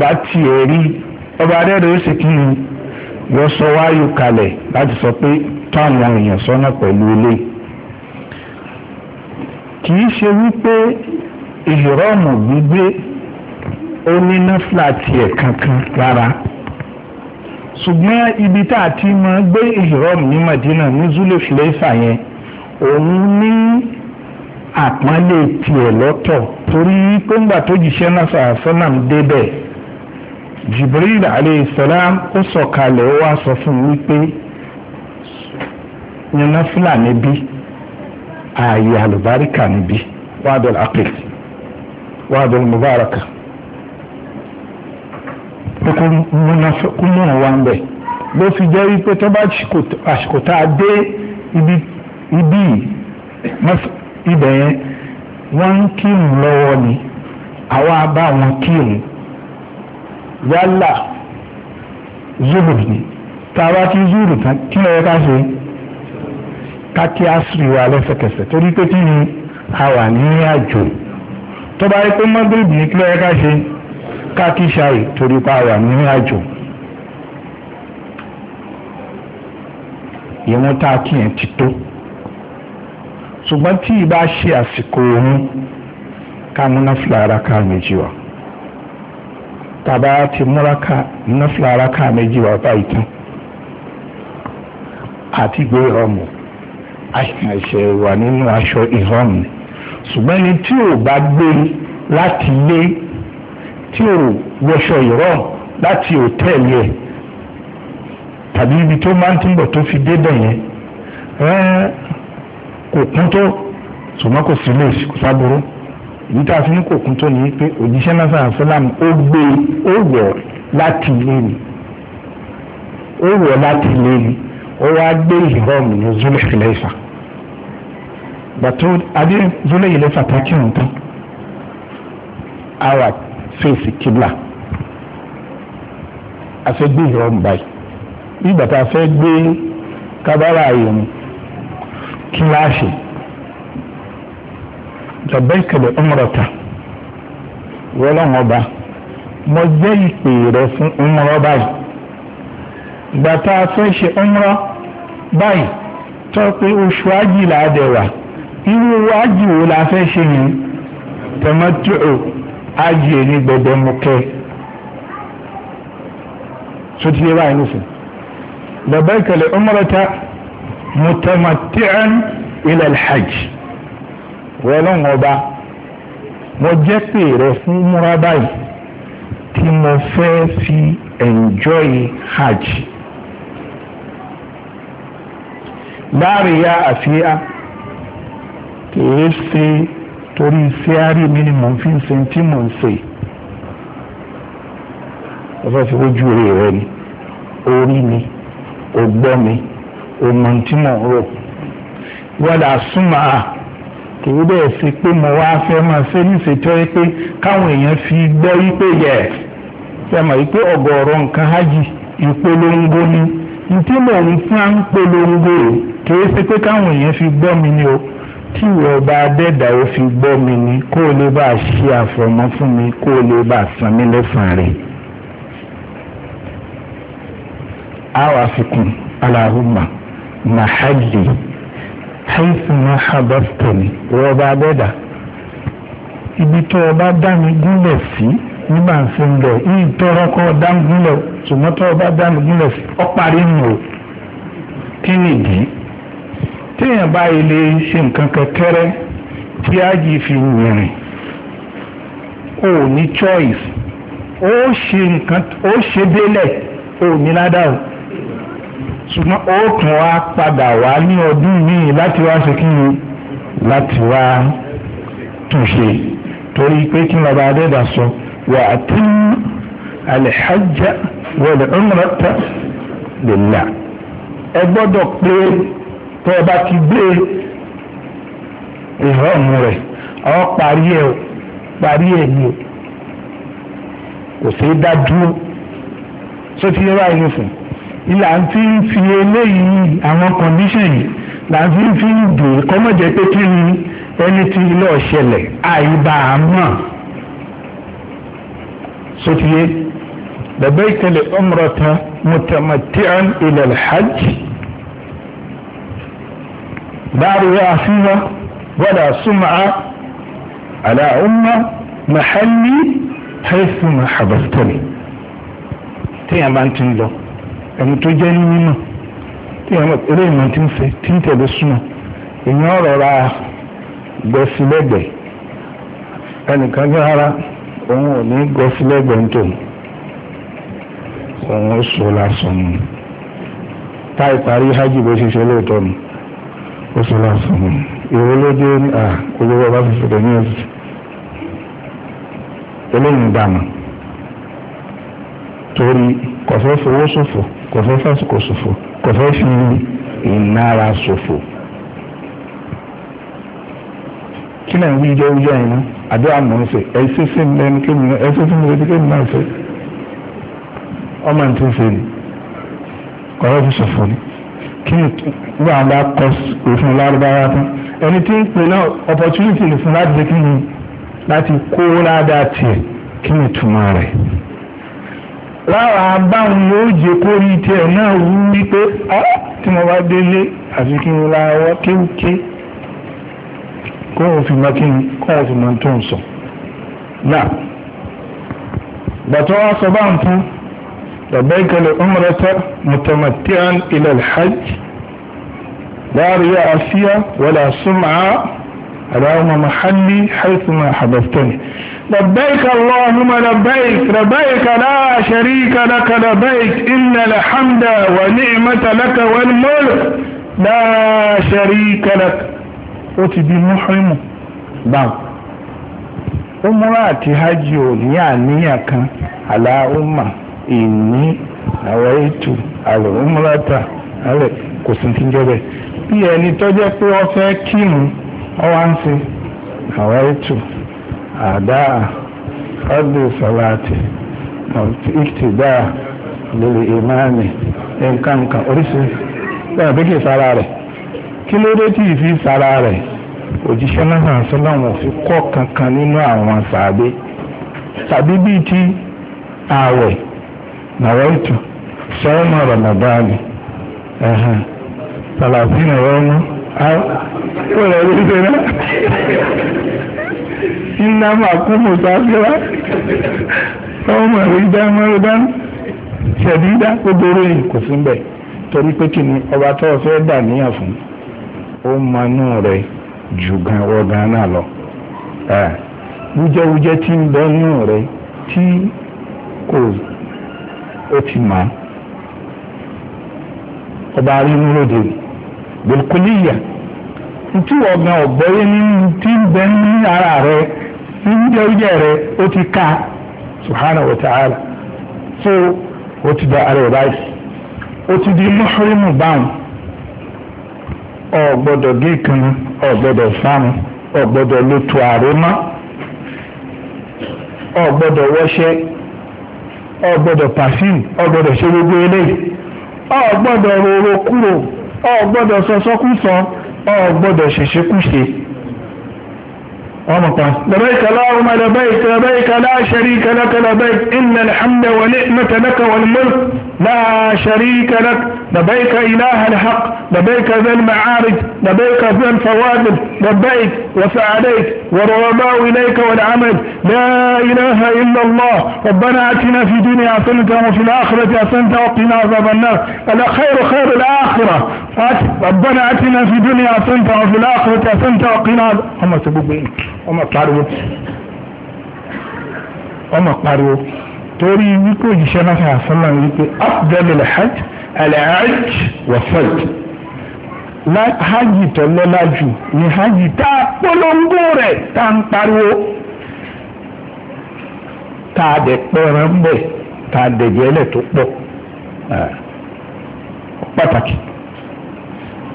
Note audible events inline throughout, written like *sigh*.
bá tiẹ̀ rí ọba adẹ́rẹ́ ó sì kí ni wọ́n sọ wáyù kalẹ̀ láti sọ pé tán àwọn èèyàn sọ́nà pẹ̀lú ilé kì í ṣe wípé ìrọ́mù gbígbé ó ní náfìlà tiẹ̀ kankan rárá ṣùgbọ́n ibi tá a ti máa gbé ìrọ́mù ní Madina ní zulefilesa yẹn òun ní àpọ́nlé tiẹ̀ lọ́tọ̀ torí pé ńgbà tó jìṣẹ́ náà sàásánà ń débẹ̀ jibril aleyhisselam ó sọ̀kalẹ̀ ó wá sọ fún mi pé yẹnà fúlàní bí ààyè àlùbáríkà níbí wàdùn wàdùn mubaraka pé kó múnà ń ló fi jẹ́ wípé tó bá àsìkò tá a dé ibi ibẹ̀ yẹn wọ́n ń kírun lọ́wọ́ ni àwa bá wọn kírun. yálà zúrù ni tàwa ti zúrù tán kí ló yẹ ká ṣe ká kí asiri wa lẹ́sẹ̀kẹsẹ̀ torí pé kí ni a wà ní àjò tó bá yẹ pé mọ́gírìbì ni kí ló ká ṣe ká kí ṣayì torí pé a wà ní àjò. ìwọ̀n tá a kí yẹn ti tó ṣùgbọ́n tí ì bá ṣe àsìkò òun ká múná fìlà ara ká méjì wá tàbá ti múraka náfìlà araka méjì wà báyìí tán àti gbé ìrọ̀mù àṣẹ wà nínú aṣọ ìrọ̀mù ṣùgbọ́n ẹni tí ò bá gbé láti lé tí ò wọṣọ ìrọ̀mù láti òtẹ́ẹ̀lì ẹ̀ tàbí ibi tó máa ń túbọ̀ tó fi débẹ̀ yẹn kò kún tó ṣùgbọ́n kò sí lè kò ìdí tá a fi ní kò kún tó ní pé òjíṣẹ́ náà sàn sọ́làmù ó gbé ó wọ̀ láti ilé ni ó wọ̀ láti ilé ni ó wá gbé ìhọ́ọ̀mù ní Zulaikhilaifa bàtó adé Zulaikhilaifa takirun tán awa fèsì kibla a fẹ́ gbé ìhọ́ọ̀mù báyìí nígbà tá fẹ́ gbé kábàárà ayé mu kíláàsì labbaika bi umrata wọ́lọ́wọ́n ọba mo jẹ́ ìpè rẹ fún umra báyìí gbàtà fẹ́ ṣe umra báyìí tó pé oṣù ájì là á dẹ̀ wá irú ájì wo la fẹ́ yẹn tẹ̀mọ́tò ájì ẹni gbẹdẹmukẹ́ sotí yẹ báyìí nìsín labbaika li umrata mutamati'an ila al wọ́n lọ́wọ́n ọba mo jẹ́ pé rẹ fún múra báyìí tí mo fẹ́ fi enjoy hajj láàrin ya àfihàn kìí ṣe torí síárì mi ni mò ń fi ṣe tí mò ń ṣe ọfẹ́ fi ojú rẹ̀ ni orí mi ògbọ́ mi òmò tí mò ń rò wọ́n dà súnmọ́ a kìí bẹ́ẹ̀ ṣe pé mo wá fẹ́ máa ṣe níṣe tó yẹ pé káwọn èèyàn fi gbọ́ wípé yẹ ṣe mọ̀ wípé ọ̀gọ̀ọ̀rọ̀ nǹkan hajj ìpolongo ni ntí mò ń fún à ń polongo kìí ṣe pé káwọn èèyàn fi gbọ́ mi ni o tí ìwọ bá dẹ́dà ó fi gbọ́ mi ni kó o lè bá a ṣe àfọ̀mọ́ fún mi kó o lè bá a san mí lẹ́sàn-án rẹ̀. a wàá fi kún aláhùnmá màhálì haithuma habaftoni wọ́n bá bẹ́dà ibi tó o bá dá mi gúnlẹ̀ sí nígbà ń sin lọ yìí tọrọ kọ́ dá mi gúnlẹ̀ ṣùgbọ́n tó o bá dá mi gúnlẹ̀ sí ọ parí mi o kí nìdí téèyàn báyìí lè ṣe nǹkan kẹkẹrẹ tí ájì fi wùrìn o ní choice ó ṣe nǹkan ó ṣe délẹ̀ o ní ládàá o ṣùgbọ́n ó tún wá padà wá ní ọdún míì láti wá ṣe kí ni láti wá tún ṣe torí pé kí lọ́ba adẹ́dà sọ wà á tí alẹ́hájá wọlé ọmọọta lè là ẹ gbọ́dọ̀ pé tẹ́ ẹ bá ti gbé ìrọ̀mù rẹ̀ ọ parí ẹ̀ parí ẹ̀ ni o kò sí dá dúró sótìyẹ́ báyìí fún un là ń fi fi eléyìí àwọn condition yìí là ń fi fi dè kọ́mọ̀jẹ́ pé kí ni ẹni tí ló ṣẹlẹ̀ àìbá a mọ̀ sotiye labbaik li umrata mutamatti'an ila al-hajj baru ya fiha wala sum'a mahalli haythu ma habatani ń tún lọ ẹni tó jẹ́ ní mímọ̀ tí ẹ̀rọ eré ìmọ̀ ti ń fẹ́ tí ń tẹ̀lé súnmọ́ èèyàn rọra gbẹ̀sí lẹ́gbẹ̀ẹ́ ẹnìkan gbé ara òun ò ní gbẹ̀sí lẹ́gbẹ̀ẹ́ ń tò òun ó sọ lásán nù táì parí hajj bó ṣe ṣe lóòótọ́ nù ó sọ lásán nù ìwé ló dé ní à olówó ọba fífi rẹ̀ ní ẹ̀sìn eléyìí dànù torí kọ̀fẹ́ fowó ṣòfò. So kò fẹ́ fásitì ṣòfò kò fẹ́ fi ìnara ṣòfò. kí náà wí jẹ́ wíjọ́ yẹn náà àdó àmọ́ ń sè ẹ ṣe sí mi lẹ́nu kémi náà ẹ ṣe sí mi lẹ́nu kémi náà ṣe ọmọ ní ti ń ṣe ni kò fẹ́ fi ṣòfò ni kí ni wọ́n á bá kọ́ òfin lárúbáwá tán ẹni tí ń pè náà opportunity fún láti ṣe kí ni láti kó ládàá tiẹ̀ kí ni ìtumọ̀ rẹ̀ lára abáhùn yóò jẹ kórí tiẹ̀ náà wú wípé tí mo bá délé àfi kí n la ọwọ́ kéwké kó o fi mọ kí n kó o fi mọ tó ń sọ. náà bàtọ́ wa sọ bá ń fún labbaik al-umrata mutamatti'an ila al-hajj la riya'a fiha اللهم محلي حيثما حبستني لبيك اللهم لبيك لبيك لا شريك لك لبيك إن الحمد ونعمة لك والملك لا شريك لك ó ti di muhrimu bam umra àti hajj ò ní àníyàn kan aláhùnmá ìní àwọn ètò àlọ umrata àlẹ kò sí ti jẹ bẹ́ẹ̀ bí ẹni tó pé wọ́n fẹ́ kírun ọwa nsị hawaitu adaa ọdị salati ìtìdá lórí ìmáàmì nǹkankan oríṣi bẹ́ẹ̀ bí kì í sára rẹ kí ló dé tí ìfi sára rẹ̀ òjíṣẹ́ náà sọ́láwọn fi kọ́ kankan nínú àwọn sàbí sàbí bíi ti ààwẹ̀ nàwẹ́tù sọ́ọ́nà rọ̀mọ̀báàlì ẹ̀hàn sàlàfínà rọ́mọ́. kò rẹ̀ ló ṣe náà iná máa kú ọrụ ọmọ ìwé dáná dáná ṣẹ̀dí dá gbogbo ròyìn kò sí bẹ́ẹ̀ torí pé ọba tó fẹ́ ọrụ níyà fún ó manú rẹ̀ jù gan ti bilkuliya ntí wọ́n gan ọ̀gbọ́yé nínú tí ń bẹ ní ara rẹ ní jẹ́rìjẹ́ rẹ ó ti ká subhanahu wa ta'ala so ó ti da ara rẹ báyìí ó ti di muhrimu báwọn ò gbọ́dọ̀ gé kan ò gbọ́dọ̀ fáwọn ò wọṣẹ ò gbọ́dọ̀ pàfíìmù ṣe gbogbo eléyìí ò gbọ́dọ̀ kúrò ọ gbọ́dọ̀ sọsọkúsọ ọ gbọ́dọ̀ ṣèṣekúṣe ومطع لبيك اللهم لبيك لبيك لا شريك لك لبيك إن الحمد ونعمة لك والملك لا شريك لك لبيك إله الحق لبيك ذا المعارج لبيك ذا الفوادل لبيك وسعديك والرغباء إليك والعمل لا إله إلا الله ربنا أتنا في الدنيا حسنة وفي الآخرة حسنة وقنا عذاب النار ألا خير خير الآخرة ربنا أتنا في الدنيا حسنة وفي الآخرة حسنة وقنا عذاب هم سببين هم pariwo هم pariwo torí wípé òjíṣẹ́ náà sàásánà wípé afdalil alhaj wa faj hajj tó lọ́lá jù ni hajj tá a polongo rẹ̀ tá a ń pariwo tá a dẹ̀ pẹ̀rẹ̀ ń bẹ̀ tá a dẹ̀ jẹ́lẹ̀ tó pọ̀ pàtàkì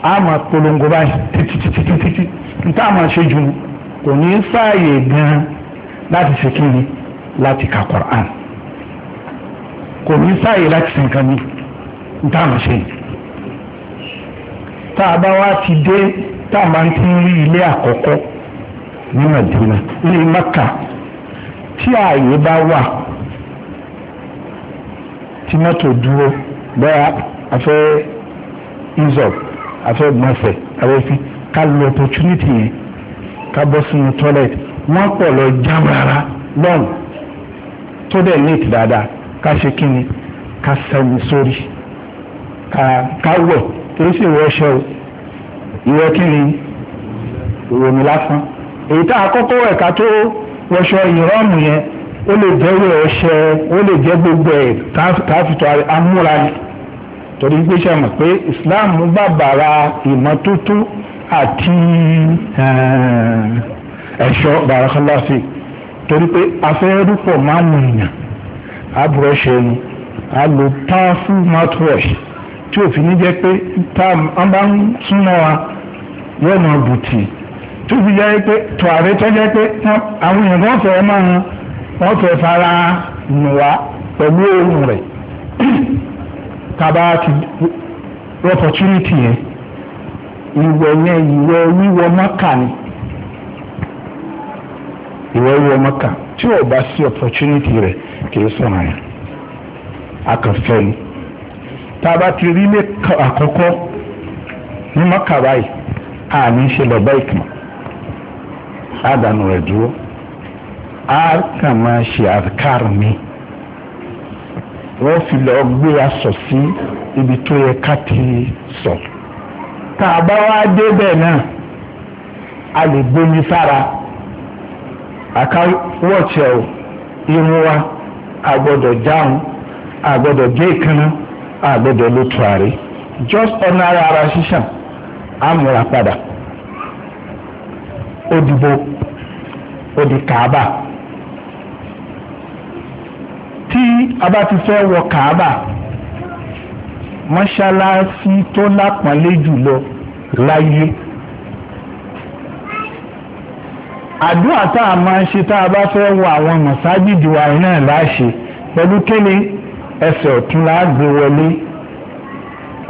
a máa polongo báyìí títí títí títí nta máa ṣe jù kò ní fààyè gan láti ṣe kí ni láti ka Qur'an kò ní fààyè láti ṣe nǹkan mìíràn dáhùn ṣe tá a bá wá ti dé tá a máa ti rí ilé àkọ́kọ́ ní Madina ní Maka tí ààyè bá wà tí mọ́tò dúró bẹ́ẹ̀ afẹ́ inzop afẹ́ gbọ̀nsẹ̀ awẹ́fí ká lo opportunity yẹn ká bọ́ sínú toilet wọ́n pọ̀ lọ jam rárá lọ́n tó dẹ̀ neat dáadáa ká ṣe kíni ká sẹ́yìn sórí káwẹ̀ torí sì wọ ọṣẹ o ìwọ kí ni ìròmí lásán èyí tá a kọ́kọ́ ẹ̀ka tó wọṣọ ìrọ́mù yẹn ó lè jẹ́ ìwé ọṣẹ ó lè jẹ́ gbogbo ẹ̀ káfíntọ́ amúra ni torí pé ṣe mọ̀ pé Islam bàbàrà ìmọ́tótó àti eh, ẹ̀ṣọ́ bàrákàláfì torí pé afẹ́rúpọ̀ máa ń wọ̀nyàn àbúrọ̀ṣẹ́ ni a lò tán fún mouthwash tí òfin ní jẹ́ pé táà wọ́n bá ń súnmọ́ wa yóò máa bùtì tó fi jẹ́ pé tùwàrí tó jẹ́ pé àwọn èèyàn kan fẹ́ máa wọ́n fẹ́ fara nù wá pẹ̀lú oorun rẹ̀ tàbá *clears throat* ti opportunity yẹn ìwẹ̀ yẹn ìwẹ̀ wíwọ mọ́kà ni ìwẹ̀ wíwọ mọ́kà tí ò bá sí opportunity rẹ̀ kì í sọ̀rọ̀ yẹn a kàn fẹ́ ni tá a bá ti rí ilé àkọ́kọ́ ní mọ́kàrá yìí a ní í ṣe lọ́bẹ̀ ìkìmọ̀ a dànù rẹ̀ dúró a kàn máa ṣe àkàrà mi wọ́n fi lọ gbé aṣọ sí ibi tó yẹ ká ti sọ tá a bá wá débẹ̀ náà a lè gbomi sára àkáwọ̀ọ̀tì ẹ̀ irun wa a gbọ́dọ̀ jáun a gbọ́dọ̀ gé ìkànnà àgbẹ̀dẹ̀ ló tu àrí just ọ̀nà ara ara ṣíṣàn àmúra padà ó dìbò ó di kàábà tí a bá ti fẹ́ wọ kàábà mọ́ṣáláṣí tó lápọ́nlé jùlọ láyé àdúrà tá a máa ń ṣe tá a bá fẹ́ wọ àwọn mọ̀sájìdì wa náà láṣẹ pẹ̀lú kéle ẹsẹ̀ ọ̀tún láàgbé wọlé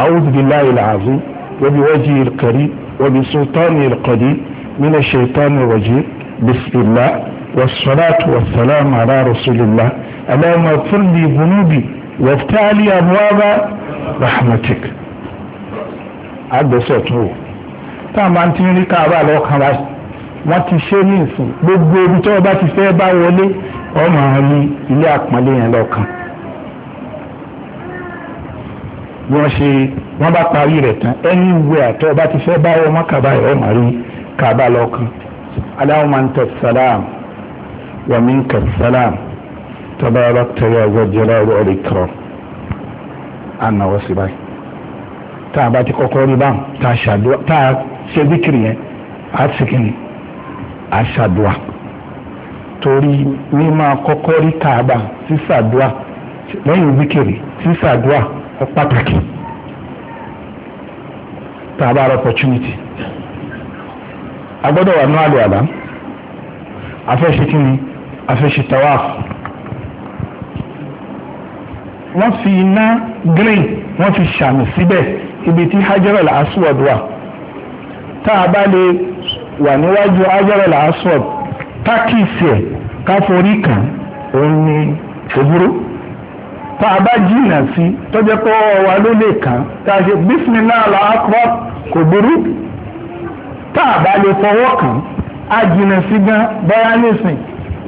a'udhu billahi al-azim wa bi wajhi al-karim wa bi sultani al-qadim min ash-shaytani ar-rajim bismillah was ala rasulillah allahumma ighfir li dhunubi وافتح لي ابواب رحمتك agbèsè tún wò tá a máa ti rí káàbà lọ́kàn wá wọ́n ti ṣe ní ìsìn gbogbo ibi tí wọ́n bá ti fẹ́ bá wọlé ọmọ àwọn ilé àpọ́nlé yẹn lọ́kàn bí wọ́n ṣe wọ́n bá parí rẹ̀ tán ẹni ìwé àtọ́ ọba ti fẹ́ báwọ̀ ọmọ kaba ẹ̀ ọmọ rí kaba lọ́kàn Allahumma anta salam wa minka salam tabarakta ya zal jalali wal ikram àna wọ́n sì báyìí tá a bá ti kọ́kọ́ rí báwọn tá a ṣe díkìrì yẹn á sì kí ni á ṣàdùà torí mímọ kọ́kọ́ rí kaba sísàdùà lẹ́yìn díkìrì sísàdùà ó pàtàkì to have bá opportunity a gbọ́dọ̀ wà ní àlùwàlá afẹ́ṣe kí ni afẹ́ṣe tawaf wọ́n fi iná green wọ́n fi ṣàmì síbẹ̀ ibi tí hajarul aswad wà tá a bá lè wà níwájú hajarul aswad tákìsì ẹ̀ káforí kan òun ni òbúrú tá a bá jìnnà sí tọ́jẹ́ pé ọwọ́ wa ló lè kàn tá a ṣe bísímìlá làákọ́ kò burú tá a bá lè fọwọ́ kàn á jìnnà sí gan bọ́yá nísìn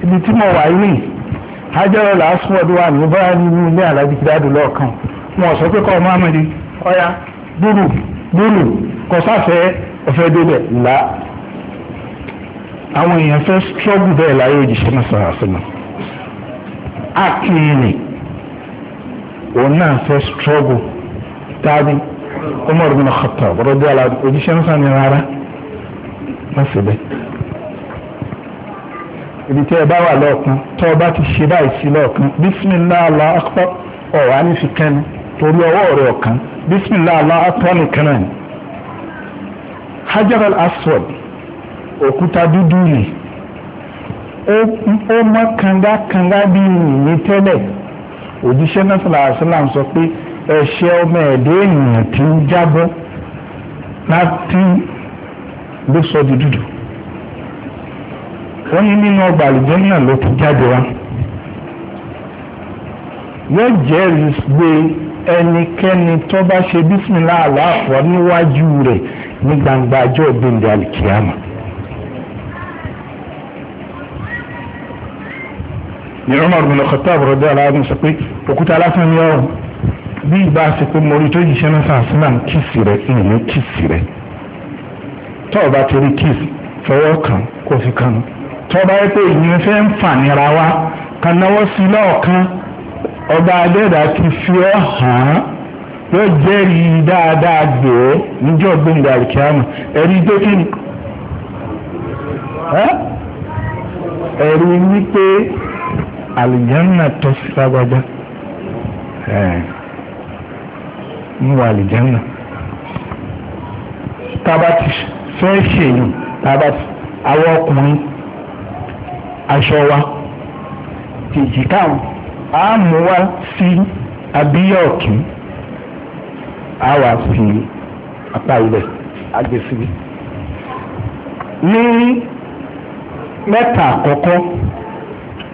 ibi tí mo wà yìí Hajarul Aswad wà ní bọ́yá nínú ilé alájí kìdáàdù lọ́ọ̀kan wọn sọ pé kọ́ ọ máa mẹ́rin ọ̀ya gbúrú gbúrú kọ sáfẹ́ ọ̀fẹ́ débẹ̀ là àwọn èèyàn fẹ́ struggle bẹ́ẹ̀ láyé òjìṣẹ́ náà sọ̀rọ̀ àfẹ́nà á òun náà fẹ́ struggle tàbí Umar bin Khattab rọ́bí aláàbí òjíṣẹ́ ń sàmì rárá má sì bẹ́ẹ̀. ibi tí ẹ bá wà lọ́ọ̀kan tọ́ ọ bá ti ṣe báyìí sí lọ́ọ̀kan bísímìlá àlá akpọ́ ọ̀wá ní fi kẹ́ni torí ọwọ́ rẹ̀ ọ̀kan bísímìlá àlá akpọ́ nìkan náà ni. Hajar al-Aswad òkúta dúdú ni ó mọ́ kanga kanga bíi nìyí tẹ́lẹ̀ òjíṣẹ́ náà sọ̀rọ̀ àṣọlá sọ pé ẹ̀ṣẹ̀ ọmọ ẹ̀dọ́ ènìyàn ti ń jábọ́ láti ló sọ di dúdú wọ́n ní nínú ọgbà àlùjọ náà ló ti jáde wá yóò jẹ́rìí gbé ẹnikẹ́ni tó bá ṣe bísímìlá àlọ́ àfọ́ níwájú rẹ̀ ní gbangba ọjọ́ ìgbìndé àlìkíyàmá. ní Umar bin Khattab radiyallahu anhu sọ pé òkúta lásán ni ọrùn bí ìgbà ṣe pé mo rí tó yìí ṣẹ́ná sàásìlà ń kíìsì rẹ̀ ìyẹn kíìsì rẹ̀ tó o bá ti rí kíìsì fọwọ́ kàn kó fi kàn tó o bá yẹ pé ìyẹn fẹ́ ń fà nira wa kan náwó sí lọ́ọ̀kan ọba adẹ́dà ti fi ọ́ hàn yóò jẹ́rìí dáadáa gbòó e níjọ́ gbòǹgbà àlùkìyàmù ẹ̀rí tó kí ni ẹ̀rí wípé àlìjánà tọ́ sí lágbájá ń wà àlìjánà tába ti fẹ́ ṣèyàn tába ti àwọn ọkùnrin aṣọ wa jìjìká wọn a mú wá sí abíyá ọ̀tún a wà sí apá ilẹ̀ agbèsí ní mẹ́ta àkọ́kọ́.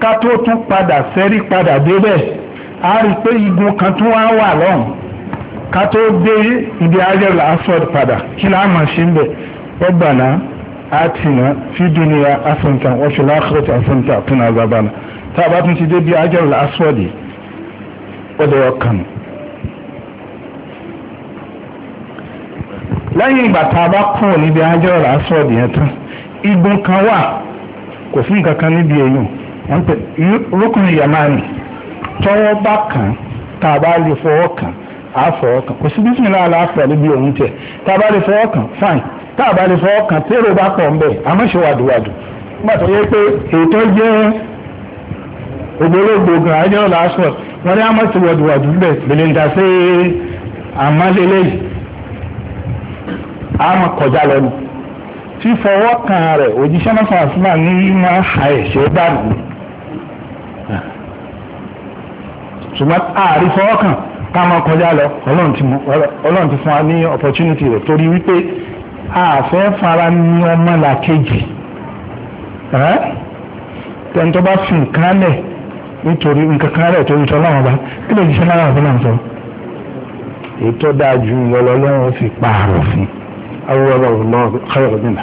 ká tó tún padà sẹ́rí padà débẹ̀ a rí i pé igun kan tún wá wà lọ́hùn ká tó dé ibi ajẹ́rù aswad padà kí láà máa ṣe ń bẹ̀ rabbana atina fid dunya hasanatan wa fil akhirati hasanatan wa qina azabana tá a bá tún ti dé bí ajẹ́rù aswad yìí ọdẹ ọkàn. lẹ́yìn ìgbà tá a bá kúrò níbi ajẹ́rù aswad yẹn tán igun kan wà kò sí nǹkan níbi èèyàn wọ́n pè rúkùn yamani tọ́wọ́ bá kàn tá a bá lè fọwọ́ kàn á fọwọ́ kàn kò sí bísímìlá aláàfẹ́ níbi òun tẹ̀ tá a bá lè fọwọ́ kàn fine tá a bá lè fọwọ́ kàn tèrò bá pọ̀ ńbẹ̀ àmọ́ṣe wàdùwàdù nígbà tó yẹ pé ètò jẹ́ ògbólógbò gan ajọ́ làásù wọn ní àmọ́ṣe wàdùwàdù bẹ̀ bìlìǹdà sí àmàlélẹ́yìn àmọ́ kọjá lọ́nu fífọwọ́ kàn rẹ̀ òjíṣẹ́ náà fàásùmá ní máa ha dànù ṣùgbọ́n ààrí fọwọ́kàn ká máa kọjá lọ ọlọ́run ti fún wa ní opportunity rẹ̀ torí wípé àfẹ́ fara ní ọmọ làkejì tẹ́ni tó bá fi nǹkan lẹ̀ nítorí nǹkan kan rẹ̀ torí tọ́ láwọn ọba kí lè jíṣẹ́ láwọn ọba náà sọ. ètò dáa ju ìyọlọ ọlọ́run fi pààrọ̀ fún awúrọ̀ ọlọ́run káyọ̀ nínà.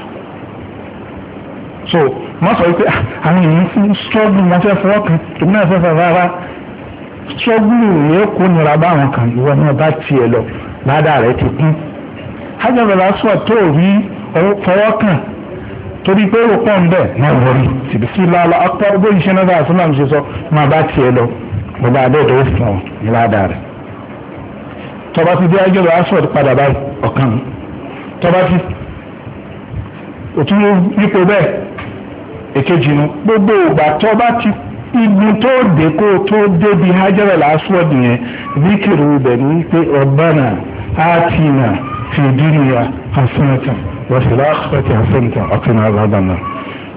so wọ́n sọ pé ah, àwọn èèyàn fún struggle wọn fẹ́ fọwọ́ kan èmi náà fẹ́ fẹ́ rárá ṣẹ́gun ìwé kò nira báwọn kan ìwọ náà bá tiẹ̀ lọ ládàá rẹ ti hajjabala sọ tó rí fọwọ́ kàn torí pé ó pọ̀ ń bẹ̀ náà wọlé tìbísí lálọ́ akpọ̀ bó iṣẹ́ náà bá àṣọ náà ṣe lọ mo bá ní ládàá rẹ ti dé hajjabala sọ padà báyìí ọ̀kan ti òtún yípo gbogbo ìgbà ti ibi tó dé kó tó débi hajara lásùwọ̀d yẹn zikiru ibẹ̀ ní pé rabbana atina fi dunya hasanatan wa fil akhirati hasanatan wa qina adhaban nar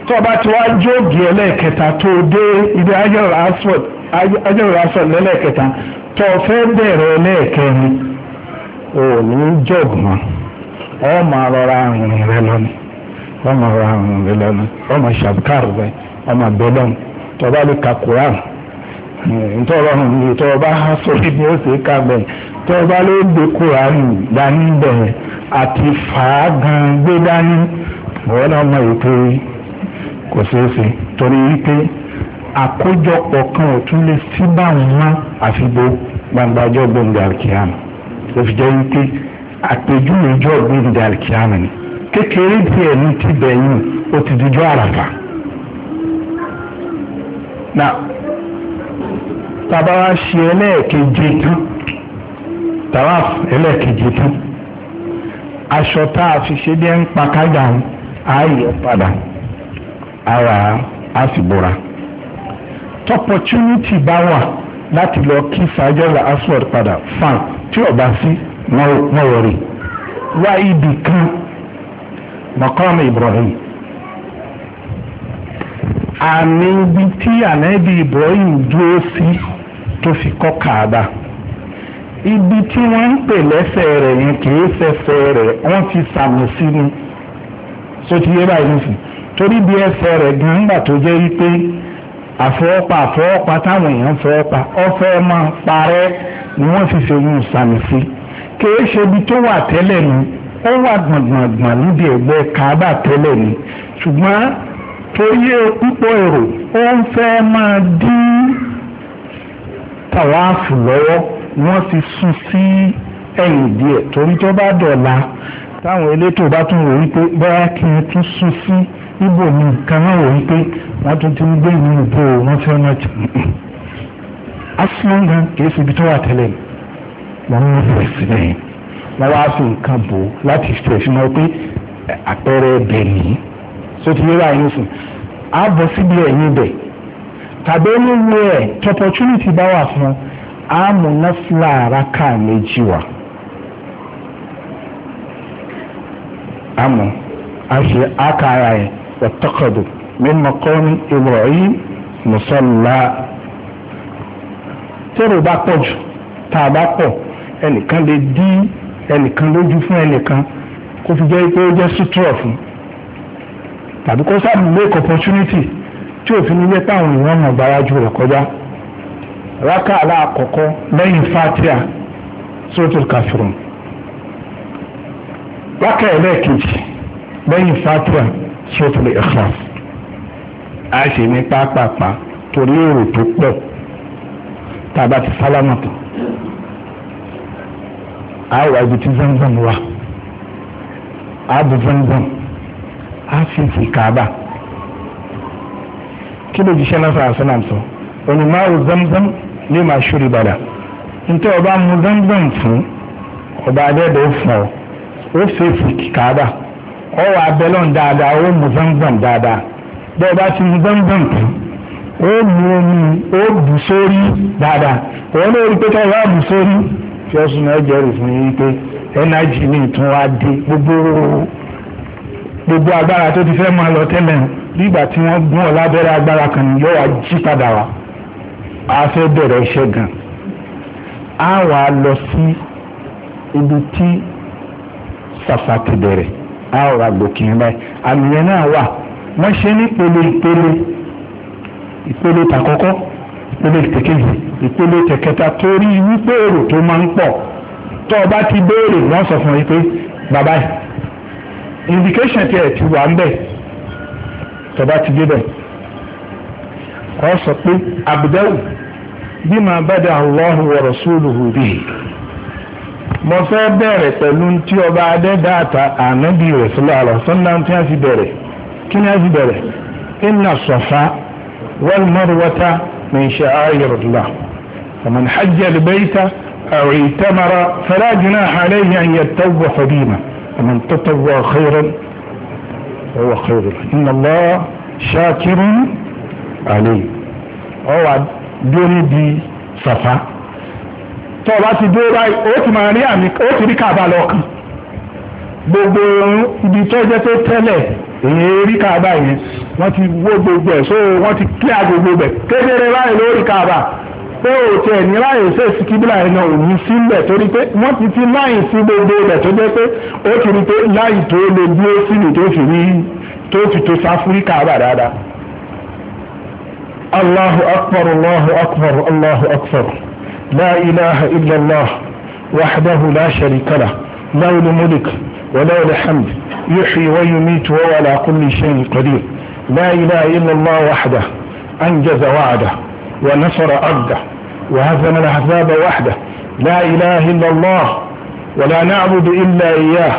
tó o bá ti wá jóògì ẹlẹ́ẹ̀kẹta tó dé ibi hajara lásùwọ̀d lẹ́lẹ́ẹ̀kẹta tó o fẹ́ bẹ̀rẹ̀ ẹlẹ́ẹ̀kẹrin ò ní jọ̀gbọ́n ọ máa rọra rẹ lọ́nà ọ máa rọra rẹ lọ́nà ọ máa rẹ ọ máa lọ́nà tọba lè ka Quran ntọ́rọ̀ hàn ní tọba sórí bí ó ṣe ká bẹ̀ tọba ló gbé Quran dání bẹ̀ àti fàá gan gbé dání wọ́n náà mọ̀ ètò kò ṣeé ṣe torí wípé àkójọpọ̀ kan ò tún lè sí báwọn mọ́ àfibò gbangba ọjọ́ gbòǹgbà alkiyama ló fi jẹ́ wípé àpèjúwe ọjọ́ gbòǹgbà alkiyama ni kékeré díẹ̀ ní tìbẹ̀yìn ó ti dijọ́ àràfà. Na tàbá wá ṣe ẹlẹ́ẹ̀keje tán tàwáf ẹlẹ́ẹ̀keje tán aṣọ tá a fi ṣe bí ẹ ń pa kájà ń ààyè padà ara á sì bóra tọpọtúnítì bá wà láti lọ kí fàájọ́lá aswad padà fan tí ọba sí wọ́n wọ̀ rí wá ibì kan maqam Ibrahim àmì ibi tí ànábì Ibrahim dúró sí tó fi kọ́ Kaaba ibi tí wọ́n ń pè lẹ́sẹ̀ rẹ̀ yẹn kìí ṣẹsẹ̀ rẹ̀ wọ́n fi sàmì sí ni sótì yé báyìí nìsín torí bí ẹsẹ̀ rẹ̀ gan gbà tó jẹ́ wípé àfọwọ́pa àfọwọ́pa táwọn èèyàn fọwọ́pa ọfẹ́ máa parẹ́ ni wọ́n fi ṣe ohun sàmì sí kìí ṣe ibi tó wà tẹ́lẹ̀ ni ó wà gbọ̀ngbọ̀ngbọ̀n níbi ẹ̀gbẹ́ Kaaba tẹ́lẹ̀ ni ṣùgbọ́n torí púpọ̀ èrò ó ń fẹ́ máa dí tàwáàfù lọ́wọ́ wọ́n ti sún sí ẹ̀yìn díẹ̀ torí tó bá dọ̀la táwọn elétò bá tún rò wípé bóyá kí n tún sún sí ibò mi nǹkan náà rò wípé wọ́n tún ti ń gbé ìlú ìbò wọn fẹ́ náà jù asúnlọ́ngàn kìí ṣe ibi tó wà tẹ́lẹ̀ wọ́n ń rẹ̀ sílẹ̀ yìí wọ́n wá fi nǹkan bò láti fẹ̀sùn náà pé àpẹẹrẹ ẹbẹ̀ nìyí tó ti yẹra ẹ̀yìn sùn á bọ̀ síbi ẹ̀yìn bẹ̀ tàbí nínú ẹ̀ tọpọtúnìtì bá wà fún á mú náfìlà àràkà méjì wá àmọ́ a ṣe àkàrà ẹ̀ wọ́tọ́kọ̀dù mímọ́ kọ́ni Ibrahim musalla tẹ́rù bá pọ̀ jù tá a bá pọ̀ ẹnìkan lè dí ẹnìkan lójú fún ẹnìkan kó fi jẹ́ pé ó jẹ́ sutura fún un tàbí kó sáà make opportunity tí òfin ilé táwọn èèyàn mọ̀ gbáradì rẹ̀ kọjá rákà aláàkọ́kọ́ lẹ́yìn fatia suratul kafirun rákà ẹlẹ́ẹ̀kejì lẹ́yìn fatia suratul ikhlas a ṣe ní pápápá torí èrò tó pọ̀ tá a bá ti sálámà tán a wà ibi tí zanzan wà a bu zanzan áfíìsì kaaba kí ló jíṣẹ́ náà sọ̀rọ̀ sọ́nà sọ onímọ̀ọ́rù zamzam ní màá ṣúrí bàdà nítorí ọba mu zamzam fún ọba adẹ́dẹ́ ó fún ọ ó fèèfì kaaba ọ wà abẹ́lọ́n dáadáa ó mu zamzam dáadáa bẹ́ẹ̀ bá ti mu zamzam fún ó mu omi ó bù sórí dáadáa òun náà rí pé ká ìwà sórí fi náà jẹ́rìí fún yín pé ẹnájì ní ìtún wa dé gbogbo gbogbo agbára tó ti fẹ́ máa lọ tẹ́lẹ̀ nígbà tí wọ́n gún ọ lábẹ́rẹ́ agbára kan yóò wá jí padà wá a fẹ́ bẹ̀rẹ̀ iṣẹ́ gan a wà lọ sí ibi tí sàfà ti bẹ̀rẹ̀ a ò ra gòkè yẹn báyìí àmì yẹn náà wà wọ́n ṣe ní ìpele ìpele ìpele tàkọ́kọ́ ìpele tẹ̀kejì ìpele tẹ̀kẹta torí wípé èrò tó máa ń pọ̀ tó o bá ti béèrè wọ́n sọ fún yín pé bàbá yìí. indication tí ẹ̀ ti wà ń bẹ̀ tọ́ba ti débẹ̀ ọ sọ pé abdul bima bada allah wa rasuluhu bihi mo fẹ́ bẹ̀rẹ̀ pẹ̀lú tí ọba adẹ́dàta ànábì rẹ̀ sílẹ̀ àlọ́sọ́nà tí a fi bẹ̀rẹ̀ kí ni a fi bẹ̀rẹ̀ inna safa wal marwata min sha'airillah faman hajja al-bayta aw i'tamara fala junaha alayhi an yattawwafa bihima. ومن تطوى خيرا فهو خير إن الله شاكر عليم ọwà dórí di sàfá tó o bá ti dé báyìí ó ti máa rí àmì ó ti rí kàbá lọ́kàn gbogbo ibi tó jẹ́ tó tẹ́lẹ̀ èyí rí kàbá yẹn wọ́n ti wó gbogbo ẹ̀ so wọ́n ti kí àgbègbè bẹ̀ kékeré báyìí lórí kàbá. pé òtí ẹ̀ ní láyé ṣe sí kíbílà ẹ̀ náà ò ní sílẹ̀ torí pé wọ́n ti ti láyé sí gbogbo ilẹ̀ tó jẹ́ pé ó ti rí pé láyé tó lè dúró sínú tó fi rí tó fi tó sáfúríkà bà dáadáa. Allahu akbar Allahu akbar Allahu akbar la ilaha illallah wahdahu la sharika lah lahul mulk wa lahul hamd yuhyi wa yumitu wa ala kulli shay'in qadir la ilaha illallah wahdahu أنجز وعده ونصر عبده وهزم الأحزاب وحده لا إله إلا الله ولا نعبد إلا إياه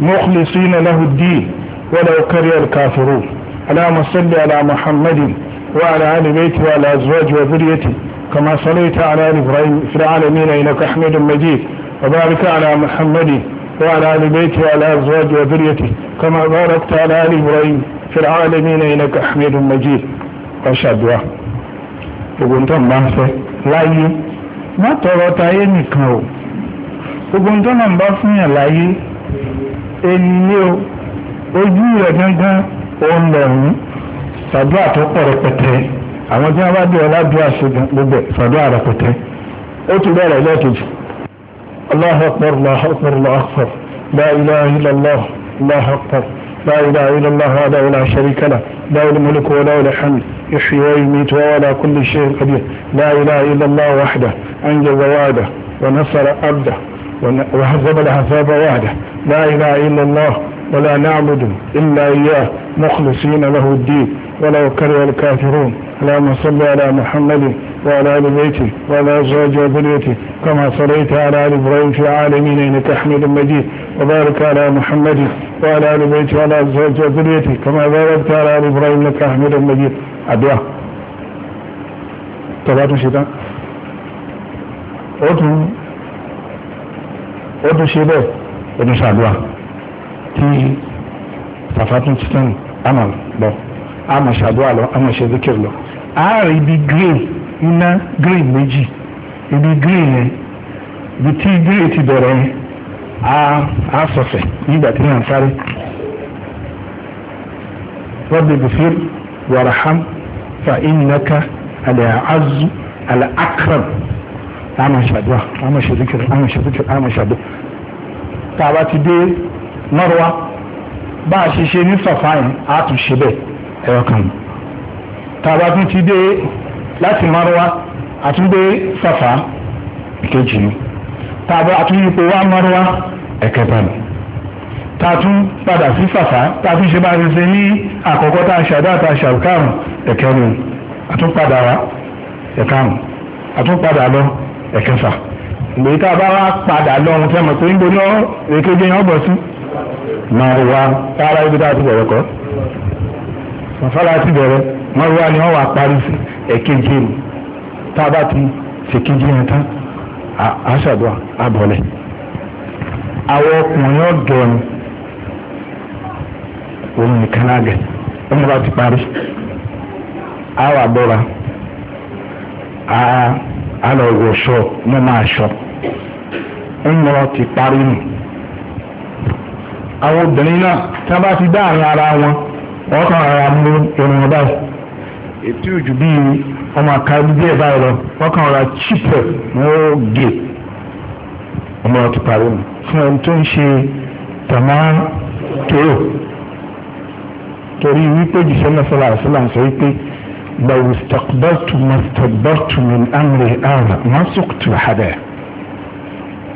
مخلصين له الدين ولو كره الكافرون اللهم صل على محمد وعلى آل بيته وعلى أزواجه وذريته كما صليت على آل إبراهيم في العالمين إنك حميد مجيد وبارك على محمد وعلى آل بيته وعلى أزواجه وذريته كما باركت على آل إبراهيم في العالمين إنك حميد مجيد وأشهد gbogbo ń tọ́nà bá ń fẹ́ láyé má tọrọ táyé nìkan o gbogbo ń tọ́nà bá fún yàn láyé ènìyẹ o ojú rẹ̀ gángan òun lẹ̀hún tàbí àtọ́pọ̀ rẹpẹtẹ àwọn tí wọ́n bá bí ọlá bí àṣegan gbogbo fàdúrà rẹpẹtẹ ó ti bẹ̀rẹ̀ lẹ́ẹ̀kejì Allahu akbar Allahu akbar Allahu akbar la ilaha illallah Allahu akbar la ilaha illallah wàdà ìlà sharika lahu. لا الملك ولا الحمد يحيي ويميت وعلى كل شيء قدير لا اله الا الله وحده انجز وعده ونصر عبده وهزم العذاب وعده لا اله الا الله ولا نعبد الا اياه مخلصين له الدين ولو كره الكافرون اللهم صل على محمد وعلى آل بيته وعلى أزواجه وذريته كما صليت على آل إبراهيم في العالمين إنك حميد مجيد وبارك على محمد وعلى آل بيته وعلى أزواجه وذريته كما باركت على آل إبراهيم إنك حميد مجيد àdúrà tọba tún ṣe tán ó tún ṣe bẹ́ẹ̀ ó tún ṣàdúrà tí sàfà tún ti tán àmà lọ àmà ṣàdúrà lọ iná green méjì ibi green yẹn ibi tí green ti bẹ̀rẹ̀ yẹn á sọ̀fẹ̀ nígbà tí wọ́n sáré rabbi bufir waraham fa innaka al-azzu al-akram àmà ṣàdúrà àmà ṣàdúkìrì àmà ṣàdúkìrì àmà ṣàdú tá a bá ti dé mọ́rọ́wá bá a ṣe ṣe ní sọ̀fà yẹn á tún ṣe bẹ́ẹ̀ ẹ̀yọkàn tá a tún ti dé láti márúwá àtúndé sàfà kejì ni tàbí àtúnyípo wa márúwá ẹ̀kẹta ni tàtún padà sí sàfà tàbí ṣe bá ṣe ṣe ní àkọ́kọ́ tá a ṣàdá tá a ṣàkárùn ẹ̀kẹrin àtúnpadà wá ẹ̀kárùn àtúnpadà lọ ẹ̀kẹfà ìgbèyí tá a bá wá padà lọ ohun tí a mọ̀ ń bo náà èkéjì yẹn ọ̀bọ̀ sí márùwá rárá ibi tá a ti bẹ̀rẹ̀ kọ́. mọ́sálásí bẹ̀rẹ̀ mọ́rúwá ni wọ́n wà parí sí ẹ̀kejì ni tá a bá ti ṣèkejì yẹn tán àṣàdùà àbọ̀lẹ̀ àwọn ọkùnrin ọ̀dọ́ ni òun nìkan náà gẹ̀ ọmọ bá ti parí àwọn àbọ̀ra alọ̀wọ̀ṣọ mo máa ṣọ ń lọ ti parí nù àwọn obìnrin náà tí wọ́n bá ti dá àárín ara wọn wọ́n kàn ara mú irun ọba ètí òjò bíi ọmọ àkàrà bíi ẹ̀ báyìí lọ wọ́n kàn ara chípẹ̀ wọ́n gè ọmọ ọtí parí mu fún ẹni tó ń ṣe tàmá tòrò torí wípé jìṣẹ́ náà sọ́lá àṣìlá ń sọ wípé law istaqbaltu mastaqbaltu min amri ara masuktu hada.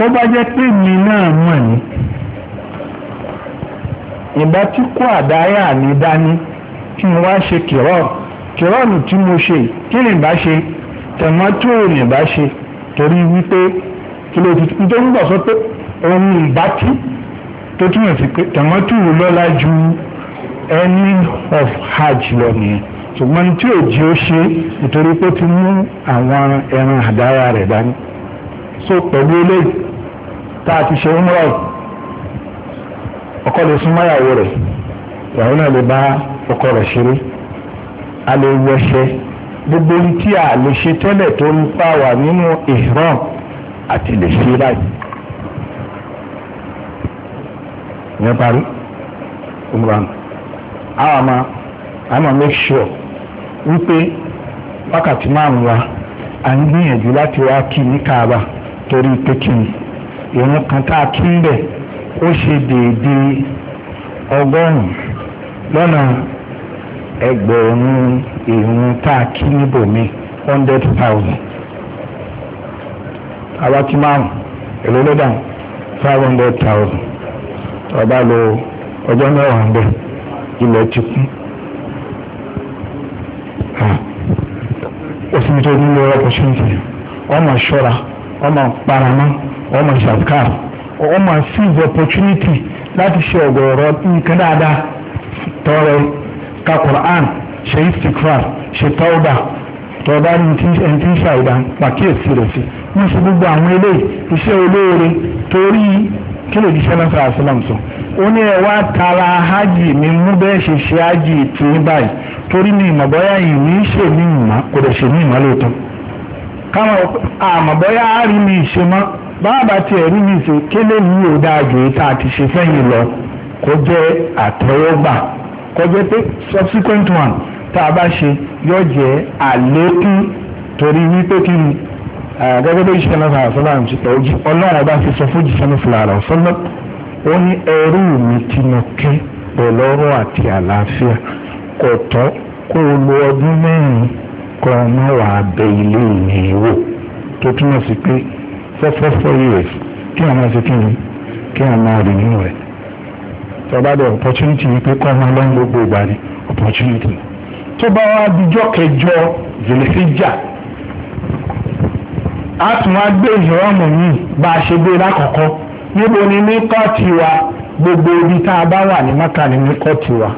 ó bá jẹ́ pé mi náà mọ̀ ni ìbá tí kó àdáyà mi dání tí mo wá ṣe kìrọ̀ kìrọ̀nù tí mo ṣe kí ni ìbá ṣe tẹ̀mọ́tò ní ìbá ṣe torí wípé kí ló ti tó ń bọ̀ sọ pé òun ìbá tí tó túmọ̀ sí pé tẹ̀mọ́tò lọ́la ju any of hajj lọ nìyẹn ṣùgbọ́n tí ò jí ó ṣe nítorí pé ó ti mú àwọn ẹran àdáyà rẹ̀ dání so pẹ̀lú eléyìí tá a ti ṣe ń rọrùn ọkọ lè súnmọ́ ìyàwó rẹ̀ ìyàwó náà lè bá ọkọ rẹ̀ ṣeré a lè wẹṣẹ gbogbo ohun tí a lè ṣe tẹ́lẹ̀ tó ń pa wà nínú ihram àti lè ṣe báyìí. ìyẹn parí umrah àwọn àmà àmà make sure wípé wákàtí márùn wa à ń gbìyànjú láti wá kí ní Kaaba torí pé kí ni ìrún kan tá a kí ń bẹ̀. ó ṣe déédé ọgọ́rùn-ún lọ́nà ẹgbẹ̀rún ìrún tá a kí níbòmí hundred thousand àwa márùn èlò five hundred thousand ọba lo ọjọ́ mẹ́wàá ń bẹ̀ ilẹ̀ ti òfin ah, ọmọ ṣọ́ra ọmọ ọmọ ṣàkàrà. wọ́n máa seize opportunity láti ṣe ọ̀gọ̀ọ̀rọ̀ nǹkan dáadáa tọrẹ ka Quran ṣe istikrar ṣe tawba tọba ẹni tí ń ṣàìdá pàkíyèsí rẹ̀ sí ní ṣe gbogbo àwọn eléyìí iṣẹ́ olóore torí kí lè jíṣẹ́ náà sàrà sílẹ̀ sọ ó ní ẹ wá tara hajj mi mú bẹ́ẹ̀ ṣe ṣe hajj tì í báyìí torí ní ìmọ̀bọ́yá yìí ní í ṣe ní ìmọ̀ kò dẹ̀ ṣe ní ìmọ̀ lóòótọ́ káwọn àmọ̀bọ́yá á rí mi ìṣe mọ́ bàbá tí ẹ̀rí yìí ṣe kélé yìí ò dáa jù tá a ti ṣe fẹ́yìn lọ kó jẹ́ àtẹ́wọ́gbà kó jẹ́ pé subsequent one tá a bá ṣe yóò jẹ́ àlékún torí wípé kí ni gẹ́gẹ́ bí ìṣẹ́ náà sọ̀rọ̀ sọ́lá àmì ṣe ojú ọlọ́run ọba ti sọ fún jíṣẹ́ ní fúlàrà ọ̀sọ́lọ́ ó ní ẹrú mi ti nà kẹ́ pẹ̀lú àti àlàáfíà kò tọ́ kó o lo ọdún mẹ́rin kọ́ ọ má wàá bẹ ilé ìyẹn wò tó túmọ̀ sí pé For four four years kí wọn máa ṣe kí ni kí wọn máa rí nínú rẹ̀ tó bá dé opportunity yìí pé kọ́ máa lọ́n gbogbo ìgbà ni opportunity tó bá wá dijọ́ kẹjọ zèlèfíjà a tún wá gbé ìhìrọ́mù yìí bá a ṣe gbé lákọ̀ọ́kọ́ níbo ni ní kọ́ọ̀tì wa gbogbo ibi tá a bá wà ní maka ni ní kọ́ọ̀tì wa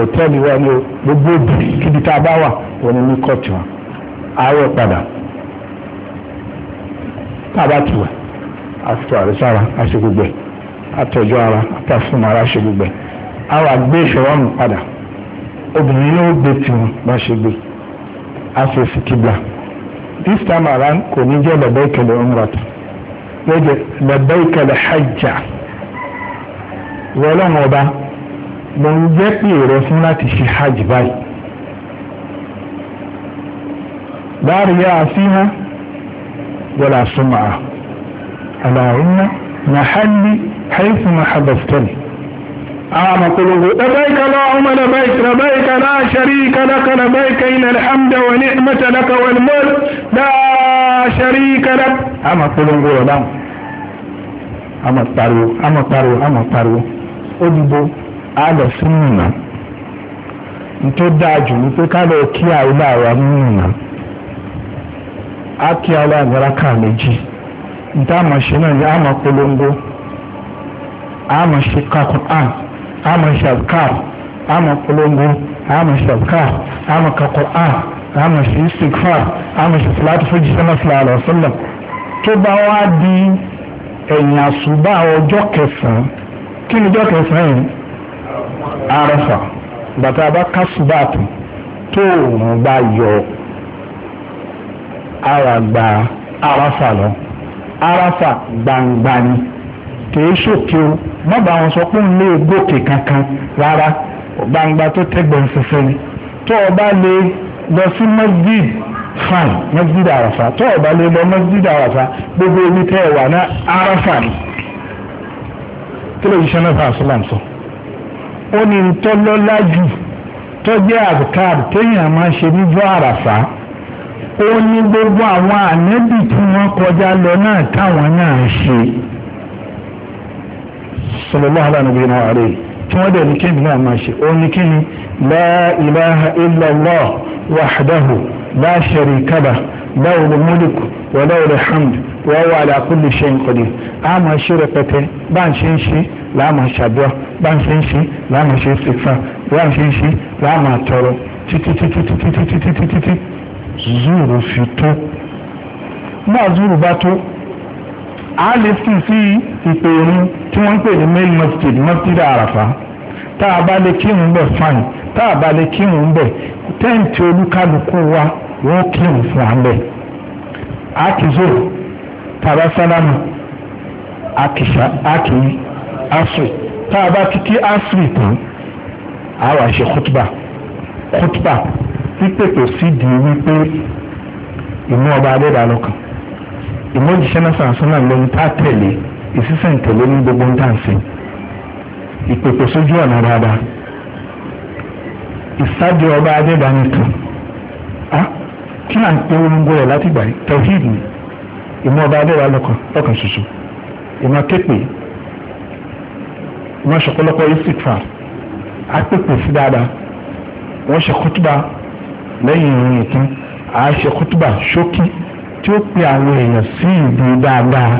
òtẹ́ẹ̀lì wa ni gbogbo ibi tá a bá wà òní ní kọ́ọ̀tì wa àárọ̀ padà tàbá tiwẹ̀ àtọ̀ àrísára àṣegbùgbẹ̀ àtọ̀jọ́ ara àtàfún ara àṣegbùgbẹ̀ àwọn àgbé ìfẹ̀wọ́nù padà obìnrin yóò gbé tiwọn bá ṣe gbé àṣeṣì kìbla this time around kò ní jẹ́ lẹ́bẹ́ ìkẹlẹ̀ umrata yóò jẹ́ lẹ́bẹ́ ìkẹlẹ̀ hajjá wọ́lọ́wọ́n ọba mo ń jẹ́ pé fún láti ṣe hajj báyìí. Báàrí yá àfihàn ولا سمعة إن محلي حيث ما حدثتني أعمى قلوب لبيك اللهم لبيك لبيك لا شريك لك لبيك إن الحمد ونعمة لك والملك لا شريك لك أما قلوب ولم أما طارو أما طارو أما طارو أدبو على سننا nítorí داجو jù كالو كيا ká lọ á kí aláàgbára ká méjì níta àmọ̀ ṣe náà ni ama polongo ama ṣe kakùn àn àmọ̀ ṣe àbùkàr àmọ̀ polongo ama ṣe àbùkàr àmọ̀ kakùn àn àmọ̀ ṣe istighfar àmọ̀ ṣe fúláàtì fún jíṣẹ́ náà fúláàlà ọ̀sọ́lọ̀ tó bá wá di ẹ̀yìn àṣùbà ọjọ́ kẹsàn-án kí ni ọjọ́ kẹsàn-án yìí àràfà bàtà bá kásùbà tó tó òun bá yọ àwà gba arafa lọ arafa gbangba ni kìí ṣòkè o má bàa wọn sọ pé ń lé gòkè kankan rárá gbangba tó tẹgbọn fẹfẹ ni tó o bá lè lọ sí masjid fan masjid arafa tó o bá lè lọ masjid arafa gbogbo omi tẹ ẹ wà ní arafa ni kí ló yíṣẹ́ náà fà sọ́làm sọ ó ní ń jù tọ́jú àbùkà téèyàn máa ń ṣe níjọ́ àràfà ó ní gbogbo àwọn ànábì tí wọ́n kọjá lọ náà táwọn náà ṣe sallallahu alaihi wa sallam tí wọ́n dẹ̀ ní kí náà máa ṣe ó ní kí ni la ilaha illallah wahdahu la sharika lah lahu al-mulk wa lahu al-hamd wa huwa ala kulli shay'in qadir a máa ṣe rẹpẹtẹ bá ń ṣe ń ṣe láàmà ṣàdúrà bá ń ṣe ń ṣe láàmà ṣe ń ṣe fà bá ń ṣe ń ṣe láàmà tọrọ títí títí títí títí títí zúrù fi tó náà zúrù bá tó a lè sùn sí ìpè irun tí wọ́n ń pè ní main masjid masjid àràfà tá a bá lè kírun bẹ̀ fine tá a bá lè kírun bẹ̀ tẹ́ǹtì olúkálukú wa wọ́n kírun fún wa bẹ̀ a kì í zòrò tàbá sálámù a kì í asri tá a bá ti kí tán a wà ṣe khutba khutba pípètò sídìí wípé ìmú ọba adéda lọ́kàn ìmú òjíṣẹ́ náà sàǹsán náà lóhun tá a tẹ̀lé ìsísẹ̀ ntẹ̀lé ní gbogbo ń tàǹsì ìpèpè sójú ọ̀nà dáadáa ìsájọ ọba adéda nìkan á kí là ń pé orúngbó rẹ̀ látìgbà yìí tawhid ni ìmú ọba adéda lọ́kàn lọ́kàn ṣoṣo ìmú akéèpè ìmú aṣọ̀kọ́lọ́kọ́ istikfar á pèpè sí dáadáa wọ́n ṣe kútúbà lẹ́yìn ìrìn ìtàn àáṣe kútùbà ṣókí tí ó pe àwọn èèyàn sí ìdí dáadáa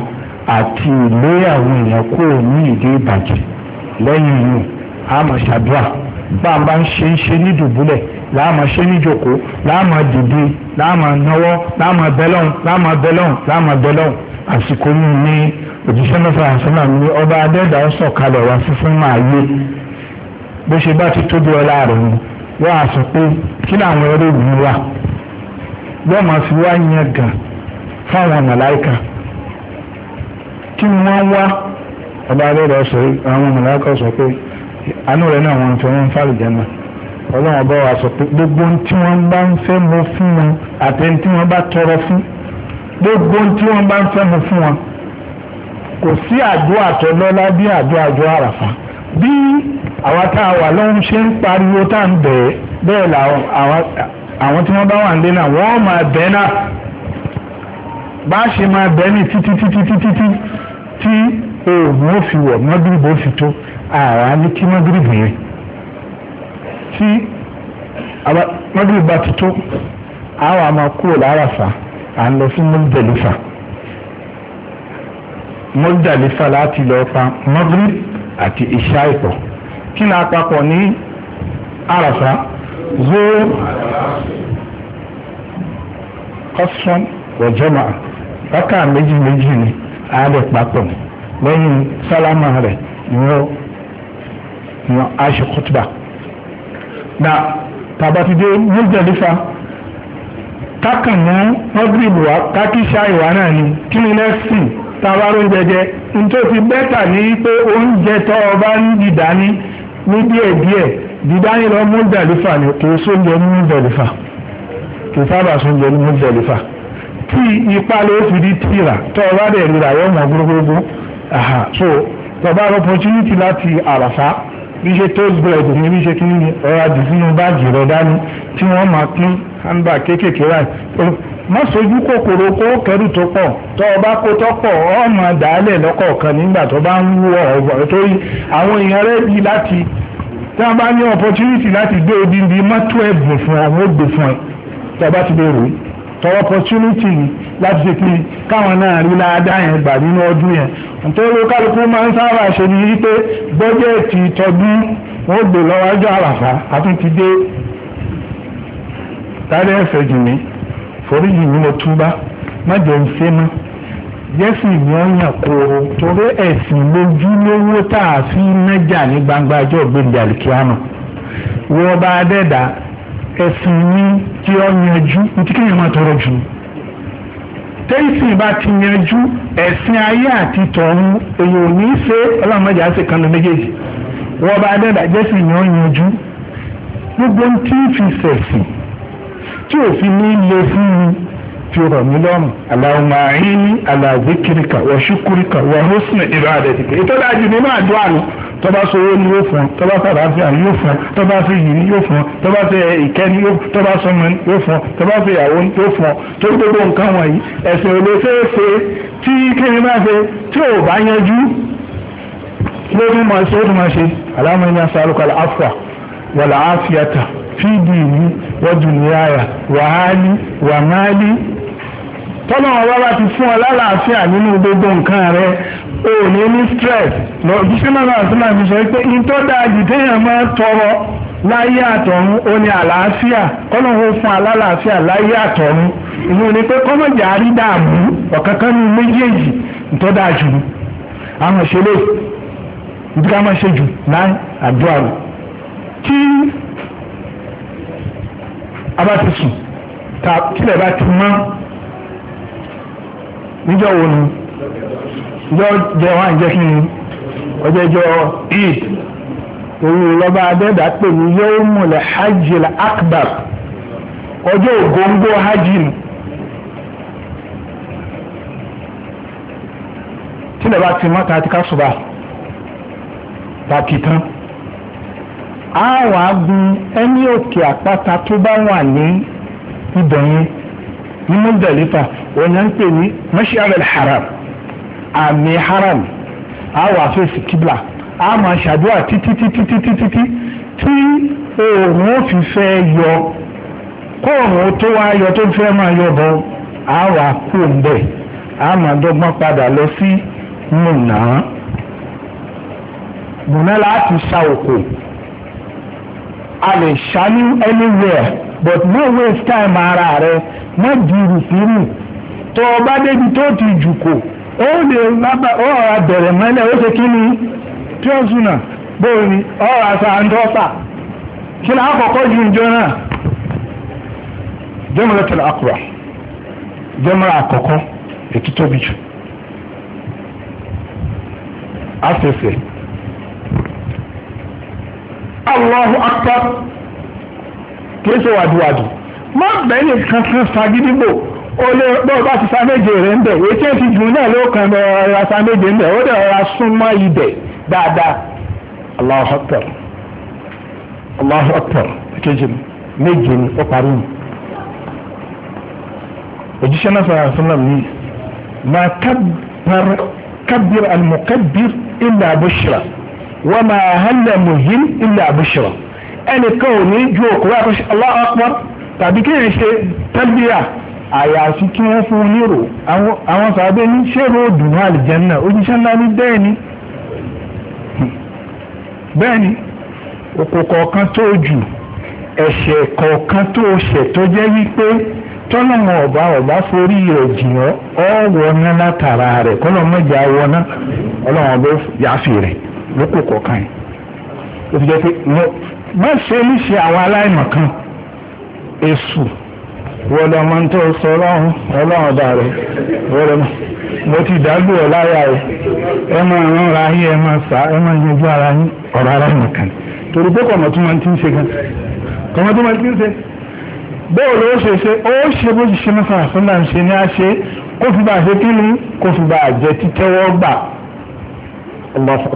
àti ìlé àwọn èèyàn kúrò ní ìdí ìbàjẹ́ lẹ́yìn ìrìn àmọ̀ ṣàdúrà ń ṣe ń ṣe nídùbúlẹ̀ láàmà ṣe níjòkó láàmà dìde láàmà náwó láàmà láàmà láàmà àsìkò mi ní òjíṣẹ́ mẹ́fà ọba adẹ́dàá sọ̀kalẹ̀ wá sí fún màá yé bó ṣe bá ti tóbi wọ́n á sọ pé kí làwọn eré ìlú wa wọ́n máa fi wá yẹn gàn fáwọn màláìka kí ni wọ́n wá ọba abẹ́rẹ́ sọ àwọn màláìka sọ pé àánú rẹ̀ náà wọ́n fi wọ́n fàlùjẹ́ náà ọlọ́run ọba wa sọ pé gbogbo tí wọ́n bá ń fẹ́ mo fún wọn àti tí wọ́n bá tọrọ fún gbogbo tí wọ́n bá ń fẹ́ mo fún wọn kò sí àdúrà tó bí àdúrà àjọ àràfà bí àwa tá a wà lọ́hún ṣe ń pariwo tá à ń bẹ̀ ẹ́ bẹ́ẹ̀ làwọn àwọn tí wọ́n bá wà nílé náà wọ́n máa bẹ́ náà bá a ṣe máa bẹ́ ní títí títí títí tí oògùn ó fi wọ̀ mọ́gìrìbò ó fi tó àrà ní kí mọ́gìrìbò yẹn tí mọ́gìrìbò bá ti tó àwọn àmọ́ kúrò láràfà à ń lọ sí mọ́gìdàlífà mọ́gìdàlífà láti lọ́ọ́ pa mọ́gìrìbò. àti ìṣá ìpọ̀ kí ni àpapọ̀ ní àràfà zoro kọ́sán wọ̀jọ́mà rákà méjì méjì ni àádẹ́ papọ̀ lẹ́yìn sálámà rẹ̀ ìwọ na aṣọ kútùbà na tàbátidé múlùdẹ̀lífà kákànnà mọ́gírìbù wa kákíṣà iwa náà ni kí ni tàbá ló ń jẹjẹ nítorí bẹ́tà ní pé oúnjẹ tó o bá ń dìdá ní ní díẹ̀díẹ̀ dídá lọ mú dàlífà ni kò sóúnjẹ mú dàlífà kò sábà sóúnjẹ mú dàlífà tí ipa ló fi di tìrà tó o bá dẹ̀ rírà yọ̀ mọ́ gbogbogbò so tó o bá opportunity láti àràfá níṣẹ́ tó bẹ̀rẹ̀ ní níṣẹ́ kí ní ọ̀rá jù sínú báàgì rẹ̀ dání tí wọ́n máa pín handbag kéékèèké ráì má sojú kòkòrò kó kẹrù tó pọ̀ tó o bá kó tó pọ̀ ọmọ dàálẹ̀ lọ́kọ̀ọ̀kan nígbà tó bá ń wú ọ̀rọ̀ torí àwọn èèyàn rẹ̀ bí láti tí wọ́n bá ní opportunity láti gbé odindi mọ́tò ẹ̀bùn fún ọ gbé fún ẹ tó o bá ti bẹ̀rù yìí tọ́ opportunity ni láti ṣe kí káwọn náà rí ládàá yẹn gbà nínú ọdún yẹn nítorí kálukú máa ń sábà ṣe ní wípé bọ́jẹ̀tì tọdún wọ́n gbé lọ́wọ́jọ́ àràfà àtún ti dé tálẹ́ ẹ̀fẹ̀ jù mí foríjì ni mo túbá má jẹ́ ń ṣe mọ́ jẹ́sì ni ó yàn kóró torí ẹ̀sìn lójú lówó tá a fi nájà ní gbangba ọjọ́ ògbéǹde àlùkìyàmù wọ́n bá dẹ́dàá ẹ̀sìn ní tí ó yanjú ní tí kéèyàn máa tọrọ jù tẹ́sìn bá ti yanjú ẹ̀sìn ayé àti tọ̀hún èyí ò ní í ṣe ọlọ́mọdé àti kanu méjèèjì wọ́n bá dẹ́dà jẹ́sìn ni ó yanjú gbogbo tí ń fi ṣẹ̀sìn tí òfin ní í fún mi tí ó rọ̀ mí lọ́rùn Allahumma a'inni ala zikrika wa shukrika wa husni ibadatika ìtọ́lá jù nínú àdúrà nù tọ́ba sọ̀rọ̀ ni yóò fún ọ tọ́ba sàràfíà ni yóò fún ọ tọ́ba sí yìí ni yóò fún ọ tọ́ba sí ìkẹ́ ni tọ́ba sọmọ ni yóò fún ọ tọ́ba sí ìyàwó ni yóò fún ọ tó gbogbo nǹkan wọ̀nyí ẹ̀sìn olóṣèṣe tí kéde máa ṣe tí ò bá yanjú lórí mọ̀ ṣe ó máa ṣe aláàmú ẹ̀yà sàlùkọ́ àfà wàlà áfíàtà fídìí wọ́dùnúyàyà wàhálì wàmálì tọ́lá ọ̀rọ̀ bá ti fún ọ lálàáfíà nínú gbogbo nǹkan rẹ o ní ní stress lọ jíṣẹ́ náà àti fi sọ pé tọrọ láyé àtọ̀run o ní àlàáfíà kọ́nà ó fún alálàáfíà láyé àtọ̀run ìlú ni pé kọ́nà jà rí dààmú ọ̀kankan ní méjèèjì dáa jù àwọn ìdí ká máa ṣe jù láì àdúrà rẹ a ti sùn bá ti níjọ́ wo ni ìjọ jẹ wá ń jẹ́ kí ni ọjọ́ ìjọ eid òru lọ́ba adẹ́dà pè ní yawmul hajjil akbar ọjọ́ ògóńgó hajj ni. tílẹ̀ bá ti mọ́ta pàkì tán àwọn agun ẹni òkè àpáta tó bá wà ní ibẹ̀ yẹn ní Muzdalifa òun ń pè ní mash'ar al-haram àmì haram àwọn àfẹ́sì kíbla a máa ṣàdúrà títí títí títí títí tí oòrùn ó fi fẹ́ yọ kóòrùn tó wá yọ tó fẹ́ máa yọ bọ́ a wà kú ńbẹ̀ a máa dọ́gbọ́n padà lọ sí múnà múnà láti sa òkò a lè ṣá anywhere. but no waste time ara rẹ má jùrù sírù tó o bá débi tó ti jùkò ó lè lábà ó ọ̀rà bẹ̀rẹ̀ mẹ́lẹ̀ ó ṣe kí ni píọ̀sùnà bóyá ni ọ̀rà sàǹdọ́sà kí ni àkọ́kọ́ ju ìjọ náà jamratul akbar jamra àkọ́kọ́ ètò tóbi jù afẹ́fẹ́ Allahu akbar. kìí ṣe wàdùwàdù má bẹ́ẹ̀ kankan fagídígbò ó lé bọ́ọ̀ bá ti sáméje rẹ̀ ń bẹ̀ èyí tí ó ti dùn náà ló kàn bẹ ọ̀rọ̀ sáméje ń bẹ̀ ó dẹ̀ ọ̀rọ̀ súnmọ́ ibẹ̀ dáadáa Allahu Akbar Allahu Akbar kejì méje ni ó parí mi òjíṣẹ́ náà sọ̀rọ̀ àṣọlọ́m ni ma kabbir al-mukabbir illa bushra wa ma halla muhim illa bushra. ẹnìkan ò ní ju òkú aláàpọ̀ tàbí kí èyí ṣe tẹ́lbíà àyàfi kí wọ́n fún un nírò àwọn sàbẹ̀ ní ṣèrò òdùnú àlìjẹ́nà ojúṣe ńlá ní bẹ́ẹ̀ ni *laughs* bẹ́ẹ̀ ni òkú kọ̀ọ̀kan tó jù ẹ̀ṣẹ̀ kọ̀ọ̀kan tó ṣẹ̀ tó jẹ́ wípé ọba forí rẹ̀ jìyàn ọ́ wọná látara rẹ̀ kọ́lọ́mọ wọná ọlọ́wọ́n bó rẹ̀ má ṣe níṣe àwọn aláìmọ̀kan èṣù wọ́dọ̀ máa ń tó sọ ọlọ́run ọlọ́run ọ̀dà rẹ̀ wọ́dọ̀ mo ti dágbò ọ̀ láyà o ẹ máa rán ara yín ẹ máa sá ẹ máa yanjú ara yín ọ̀rọ̀ aláìmọ̀kan torí pé kọ̀mọ̀ tó máa ti ń ṣe gan kọ̀mọ̀ tó máa ti ń ṣe bẹ́ẹ̀ ló ṣe ṣe ó ṣe bó ti ṣe mẹ́fà fúnlá ń ṣe ní àṣẹ kó fi bá ṣe kí ni kó fi bá jẹ títẹ́wọ́ gbà Allahu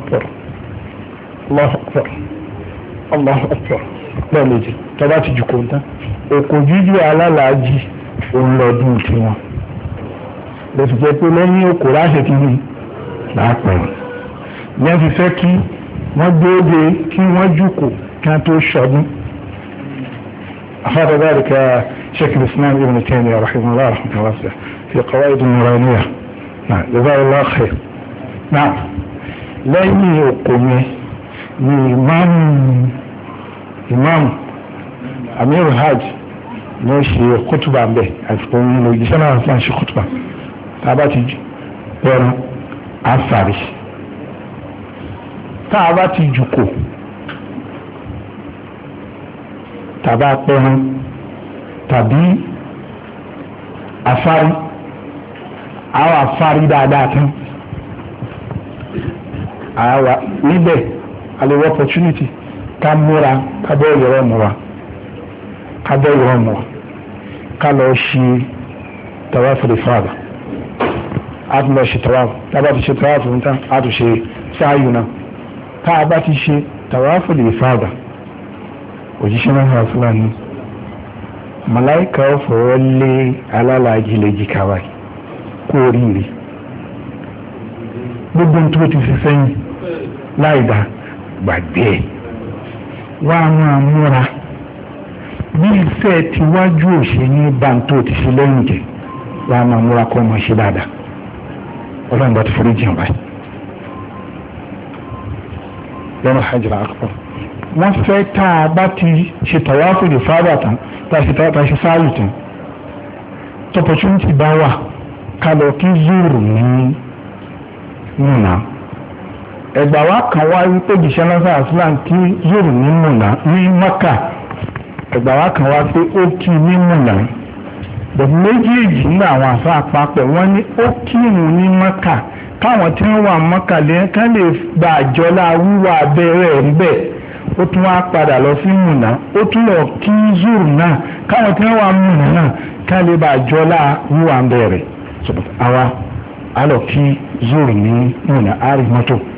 Akbar Allahu Akbar lẹ́ẹ̀mejì tọ́ba ti jù kóńtà òkò jíjù alálàájì òun lọ́dún tiwọn lọ́sì jẹ́ pé lẹ́yìn òkò láṣẹ kí ni láàpẹ̀ yẹn fi fẹ́ kí wọ́n gbóògbé kí wọ́n jùkò kí wọ́n tó ṣọdún أخذ ذلك شيخ الإسلام ابن تيمية رحمه الله رحمه الله في قواعد النورانية نعم جزاه الله خير نعم lẹ́yìn òkò ìmáàmù ìmáàmù amiru hajj ní ó ṣe kútùbà ń bẹ̀ àsìkò ń lo ìjíṣẹ́ náà fún àṣẹ kútùbà tá a bá ti bẹ̀rù àṣàrí tá a bá ti jùkò tàbá pẹ́rán tàbí afárí àwọn afárí dáadáa tán àwa níbẹ̀ àlewọ opportunity ká múra ká bọ́ ìyọ̀rọ̀ nù wa ká bọ́ ìyọ̀rọ̀ nù wa ká lọ ṣe tawaf ìfọ̀àbà a tún lọ ṣe tawaf tábà ti ṣe tawaf nǹkan a tún ṣe sáàyù náà tá a bá ti ṣe tawaf ìfọ̀àbà òjíṣẹ́ náà sọ̀rọ̀ fúlàní màláìka ó lé alálàájì lè jìkà wáyé kú oríire gbogbo nítorí ti fi sẹ́yìn láì dáa gbàgbé ẹ̀ wá máa múra bí iṣẹ́ tiwájú òṣè ní bàǹtó ti ṣe lẹ́yìn jẹ wá máa múra kọ́ ọmọ ṣe dáadáa ọlọ́run bá ti forí jìn wáyé lọ́nà hajjira akpọ̀ wọ́n fẹ́ tá a bá ti ṣe tọ́wáfù lè fáwọ́ tán tá a ṣe tọ́wọ́ ṣe fáwọ́ tán bá wà ká kí zuru ní múna. egbawa wa kan wá wípé jìṣẹ́ lọ́sàn àṣìlám kí zoro ní múnà ní mọ́kà ẹ̀gbà wa kan wá pé ó kí ní múnà bẹ̀rù méjèèjì àwọn àṣà àpapọ̀ wọ́n ní ó kírun ní mọ́kà káwọn tí wọ́n wà mọ́kà lẹ́yìn kan lè gba àjọlá wíwá abẹ́rẹ́ ń bẹ̀ ó tún wá padà lọ sí múnà ó tún lọ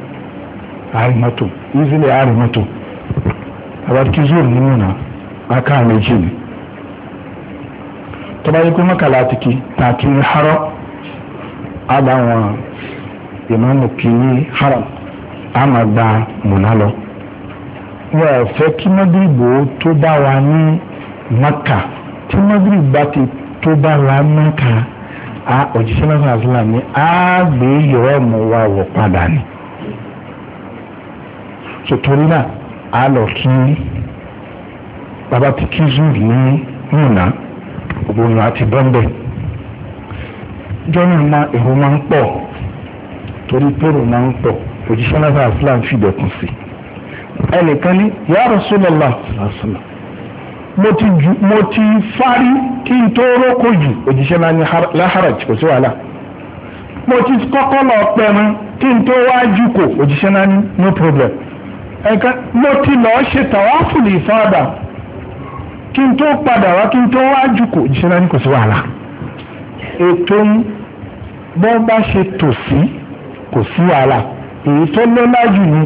arimato easily arimato about kizur nínú aka méjì ni tó bá yẹ kó mọ́kànlá àti kí tààkì ní harọ́ haram a munalo wọ́n fẹ́ kí wa ní maka tí bá ti maka a náà sọ̀rọ̀ á gbé wọ̀ tòtòrí náà a lọ kí bàbá ti kí zuri ní múnà ògbónà àti bọ́ńbẹ́ jọ́nà náà èrò máa ń pọ̀ torí pérò máa ń pọ̀ òjíṣẹ́ náà fàáfíà ń fìdẹ̀kùn sí ẹnìkan ní ya Rasulullah mo ti ju mo ti fárí kí n tó rókò jù òjíṣẹ́ náà ní láhàràjì kò sí wàhálà mo ti kọ́kọ́ lọ pẹ̀rún kí n tó wá kò òjíṣẹ́ náà ní no problem ẹ̀ka mo ti lọ ṣe tàwáfùlù ìfáàdà kí n tó padà wá kí n tó wá jùkò jíṣẹ́ náà ní kò sí wàhálà ètò bọ́ bá ṣe tòsí kò sí wàhálà èyí tó lọ́lá jù ní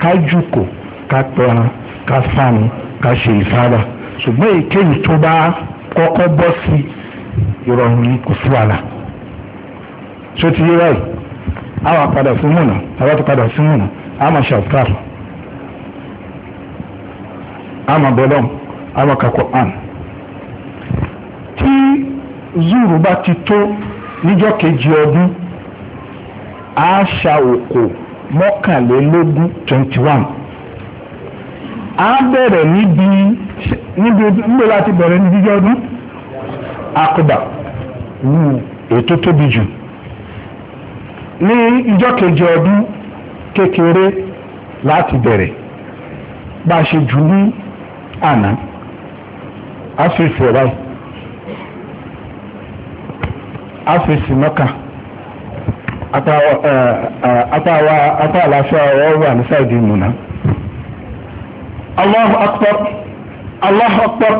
ká jùkò ká pẹran ká fánu ká ṣe ìfáàdà ṣùgbọ́n èkéyìí tó bá kọ́kọ́ bọ́ sí ìrọ̀rùn ní kò sí wàhálà ṣó ti yé báyìí àwọn àpàdà sí múnà àwọn àpàdà sí múnà àmọ̀ ṣàfùkàrọ̀ àmà bẹ́lọ́m àmà kakọ àn tí zuru bá ti tó níjọ́ kejì ọdún àṣà òkò mọ́kànlélógún twenty one a bẹ̀rẹ̀ níbi níbi níbi láti bẹ̀rẹ̀ níbi jíjọ́ ọdún akọ̀dà wù ètò tóbi jù ní ìjọ́ kejì ọdún kékeré láti bẹ̀rẹ̀ bá a ṣe jù ní ana áfíìsì ẹ̀ Ala áfíìsì mọ́kà apá àlàáfíà ọ̀rọ̀ wà ní sáìdì múná. Allahu akbar Allahu akbar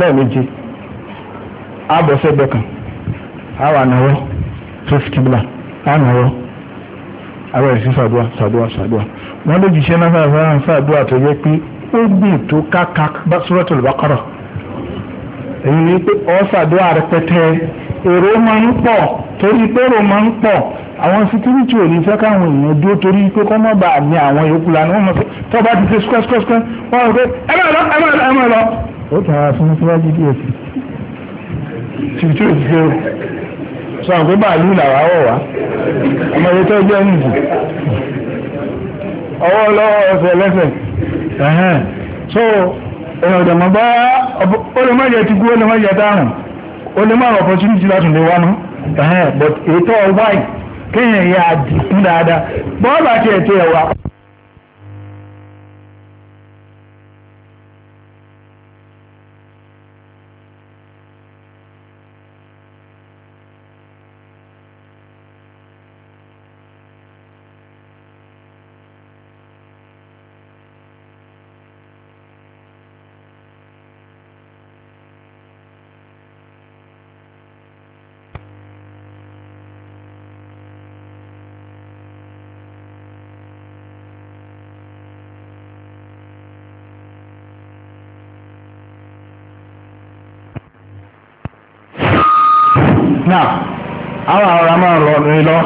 lẹ́ẹ̀mejì abọ̀sẹ̀gbẹ̀ kan àwọn ànáwọ́ fẹ́sì kìbìlà ànáwọ́ àwọn ẹ̀sìn sàdúà sàdúà sàdúà wọ́n lè jìṣẹ́ náà fún na sàdúà tó yẹ ekpe. ó gbìn tó káka Suratul Baqara èyí ni pé ọ̀sàdúrà rẹpẹtẹ èrò máa ń pọ̀ torí pé èrò máa ń pọ̀ àwọn security ò ní fẹ́ káwọn èèyàn dúró torí pé kọ́ mọ́ bá ní àwọn yòókù lánàá wọ́n mọ̀ sí tó bá ti ṣe square square square wọ́n rò pé ẹ máa lọ ẹ máa lọ ẹ máa lọ. ó tàn án fún síwájú díẹ̀ sí security ṣe o sọ àwọn pé bàálù làwa wọ̀ wá ọmọ yẹn tó jẹ́ nìyí ọwọ́ lọ́wọ́ ẹsẹ̀ lẹ́sẹ̀ so ẹ̀rọ ìdàmọ̀ bá olùmọ̀jẹ̀ ti kú olùmọ̀jẹ̀ táwọn olùmọ̀ opportunity láti lè wá mọ́ but ètò wáì kéèyàn yà á dìkú dáadáa bọ́ọ̀lù àti ètò ẹ̀wà. àwọn àwọn ma máa rọ̀ ní si e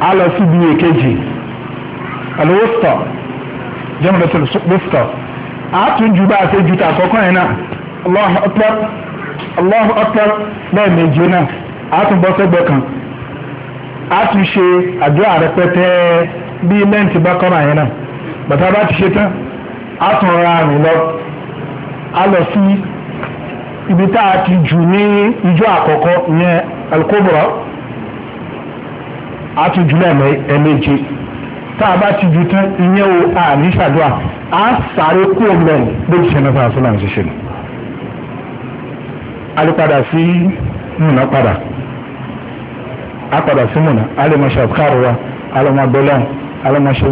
a lọ sí ibi èkejì alowóstọ̀ jẹ́mọ̀lẹ́sẹ̀ lọ́stọ̀ a ju ju ta yẹn e Allahu Akbar Allahu Akbar lẹ́ẹ̀mejì a atun bọ́ sẹ́gbẹ̀ẹ́ kan a tún ṣe àdúrà rẹpẹtẹ bi lẹ́ǹtì bá kọ́ yẹn bàtà bá ti ṣe tán ra ibi tá a ti jù ní ijó àkọ́kọ́ yẹn alkobra a ti jù lẹ́ẹ̀mẹ́ ẹ̀mẹ́je tá a bá ti jù tán ìyẹn o a ní ṣàdúrà a sáré kú mẹ́rin lójú sẹ́nà fún àṣọ náà ṣiṣẹ́ ni a lè padà sí múnà padà a padà sí múnà a lè máa ṣàkárò wa a lè máa bẹ́lẹ̀ a lè máa ṣe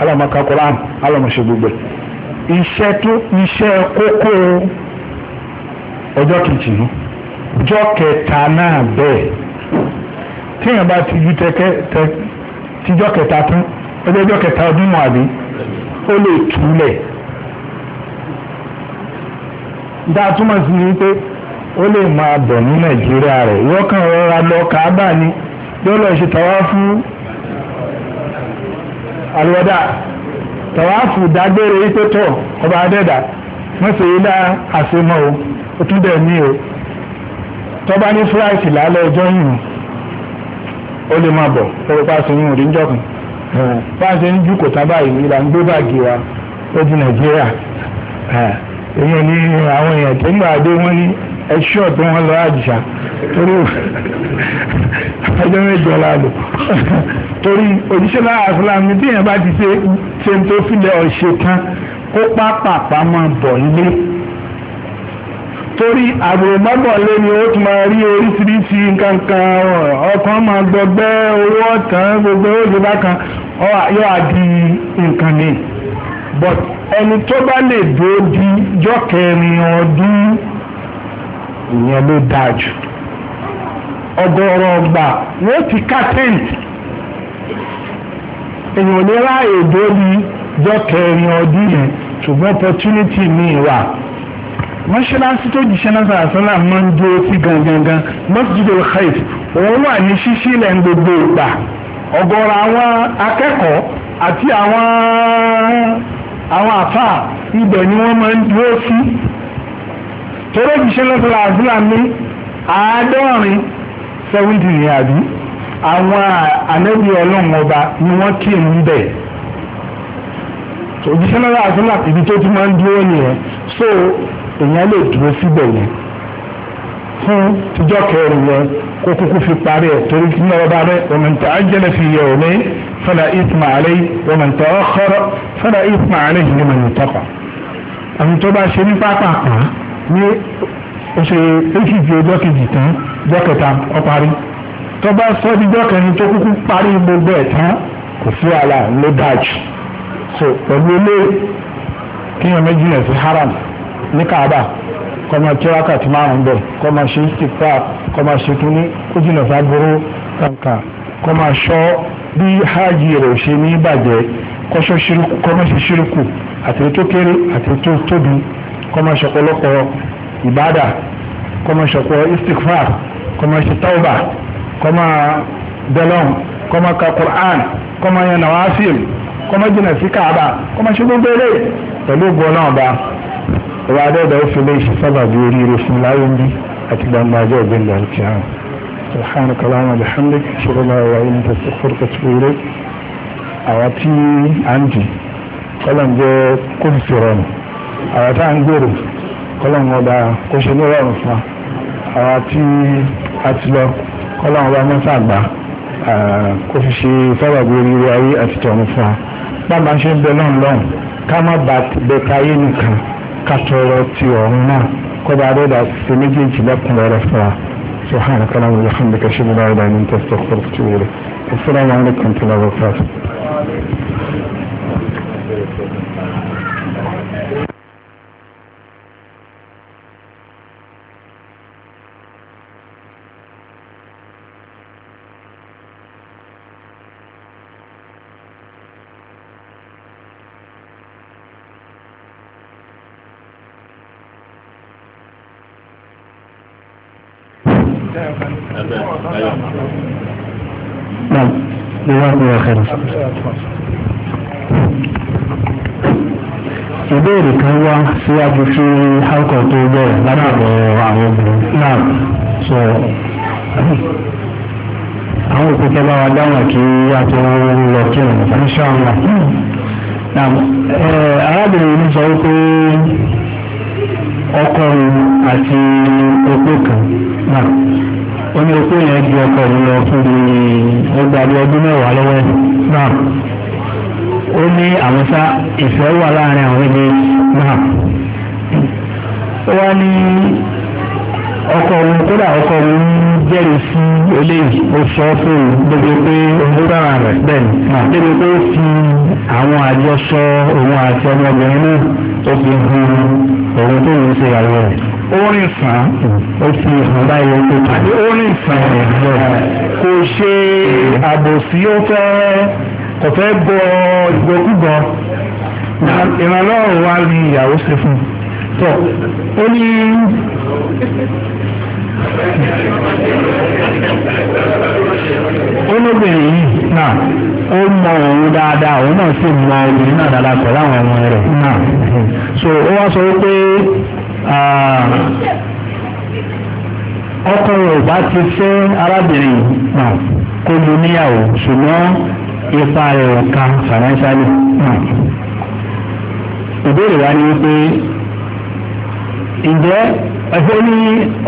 a lè máa ka a lè máa ṣe gbogbo iṣẹ́ tó iṣẹ́ kókó ọjọ́ kejì nù ọjọ́ kẹta náà bẹ́ẹ̀ téèyàn bá ti ju tẹkẹ tíjọ́ kẹta tán ọjọ́ ọjọ́ kẹta ọdún mọ́ àbí ó lè túlẹ̀ túmọ̀ sí ni pé ó lè máa bọ̀ ní nàìjíríà rẹ̀ wọ́kàn rọra lọ kàábà ni yóò lọ ṣe fún àlùwọ́dà fún dágbére tọ̀ ọba adẹ́dà dá àṣemọ́ o. ó tún bẹ̀ ní o tọ́ba ní fúláìsì lálẹ́ ọjọ́ yìí ó lè máa bọ̀ lórí pàṣẹ yìí rí jọ̀kùn pàṣẹ ń jù kò sábà yìí là ń gbé báàgì wa ó di nàìjíríà èèyàn hmm. ní àwọn èèyàn tó ń gbà dé wọn ní ẹṣọ tó wọn lọ àjìṣà torí ọjọ́ mẹ́jọ la torí òjíṣẹ́ lára fúlàní tí èèyàn bá ti ṣe ṣe tó filẹ̀ ọ̀ṣẹ̀ kan kó pápá pamọ́ bọ̀ nílé torí àbòmọ́bọ̀lé ni ó tún máa rí oríṣiríṣi nǹkan kan ọkàn máa gbọgbẹ́ owó ọ̀tàn gbogbo oṣù bákan yóò àdí nǹkan ni but ẹni tó bá lè dúró di jọ́kẹrin ọdún ìyẹn ló dáa jù ọ̀gọ̀rọ̀ ọgbà wọ́n ti ká tẹ́ǹtì èèyàn ní ráàyè dúró di jọ́kẹrin ọdún yẹn ṣùgbọ́n opportunity mi wà mọ́ṣáláṣí tó jíṣẹ́ náà sàásánà máa ń dúró sí gangan Masjidul Khaif òun wà ní ṣíṣílẹ̀ gbogbo ìgbà ọ̀gọ̀rọ̀ àwọn akẹ́kọ̀ọ́ àti àwọn àwọn àfà ibẹ̀ ni wọ́n máa ń dúró sí tọ́lá jíṣẹ́ náà sàásánà ní àádọ́rin seventy ní àbí àwọn ànábì ọlọ́run ọba ni wọ́n kí ń bẹ̀ òjíṣẹ́ náà sàásánà ibi tó ti máa ń dúró nìyẹn so èèyàn lè dúró síbẹ̀ yẹn fún tíjọ́ kẹrin yẹn kó kúkú fi parí ẹ̀ torí kí ní ọba rẹ̀ wa man ta'ajjala fi yawmi fala ithma alayhi wa man ta'akhkhara fala ithma alayhi liman ittaqa àwọn tó bá ṣe ní pápákọ̀ ní oṣù èkìtì ọjọ́ kejì tán ọjọ́ kẹta ó parí tó bá sọ díjọ́ kẹrin tó kúkú parí gbogbo ẹ̀ tán kò sí wàhálà ló dájú so pẹ̀lú ilé kíyàn méjì yẹn sí haram ní káàbà kọ́mọ tí wákàtí márùn-ún bẹ̀ kọ́mọ ṣe ìtìpá kọ́mọ ṣe tún ní kójúnà sábúrú kankan kọ́mọ ṣọ́ bí hajj rẹ̀ ò ṣe ní bàjẹ́ kọ́mọ ṣe ṣírùkù àti tó kéré àti tó tóbi kọ́mọ ṣọ̀pọ̀lọpọ̀ ìbádà kọ́mọ ṣọ̀pọ̀ istikfar kọ́mọ ṣe tauba kọ́mọ dẹlọ́n kọ́mọ ka Qur'an kọ́mọ yẹn nawafil kọ́mọ jìnà sí káàbà kọ́mọ ṣe gbogbo eré pẹ̀lú gbọ́n náà bá ọba adẹ́dà ó fi léṣe sábà bí oríire fún láyé ń bí àti gbangba ajọ́ ìgbẹ́lẹ̀ àti àwọn subhanaka allahumma bihamdik ṣọlá wa ilẹ̀ tẹ̀sí fúrkà tó rẹ̀ àwa tí a ń jì kọ́lọ̀n jẹ́ kó fi fi rọrùn àwa tá à ń gbèrò kọ́lọ̀n ọba kó ṣe ní rọrùn fún àwa tí a ti lọ kọ́lọ̀n ọba mọ́sá àgbà kó fi ṣe sábà bí oríire ayé àti tọ̀run fún wa bá a máa kátọrọ ti ọ̀run náà kọba adéda ṣe méjèèjì lẹ́kùnrẹ́rẹ́ fún wa subhanahu wa ta'ala wa bihamdika shibra ila min tastaghfir tuwele assalamu alaikum wa rahmatullahi wa نعم جزاكم الله خيرا ìbéèrè kan wá síwájú sí alcohol tó bẹ̀rẹ̀ látọ̀dọ̀ àwọn obìnrin náà sọ àwọn òkúta bá wa dáhùn kí a tó lọ kí ọ̀nà fàníṣà ńlá arábìnrin ní sọ wípé ọkọ àti opó kan náà ó ní okó yẹn ju ọkọ̀ mi lọ fún mi ẹgbàá ọdún mẹ́wàá lọ́wọ́ ẹ̀ náà ó ní àwọn sá ìfẹ́ wà láàrin àwọn ẹni náà ó wá ní ọkọ òun kódà ọkọ òun jẹ́rìí sí eléyìí ó sọ fún un débi pé òǹdúrà rẹ̀ bẹ́ẹ̀ ni débi pé ó fi àwọn àjọṣọ òun àti ọmọbìnrin náà ó fi hun òun tó ń ṣe ìyàwó rẹ̀ orin sàn o fi hàn báyìí O tó àbí orin sàn kò ṣe àbòsí ó fẹ́ kò fẹ́ bọ ìgbòkúgbọ ìrànlọ́rùn wa ni ìyàwó ṣe fún un tọ́ ó ní olóbìnrin yìí náà ó mọ òun dáadáa òun náà sì mọ obìnrin náà dáadáa pẹ̀lú àwọn ọmọ rẹ̀ náà so ó wá sọ wípé Ah. ọkọ rẹ̀ bá ti fẹ́ arábìnrin náà kó lu níyàwó ṣùgbọ́n ipa rẹ̀ ọ̀ka financially náà ìbéèrè wa ni wípé ǹjẹ́ ẹgbẹ́ ní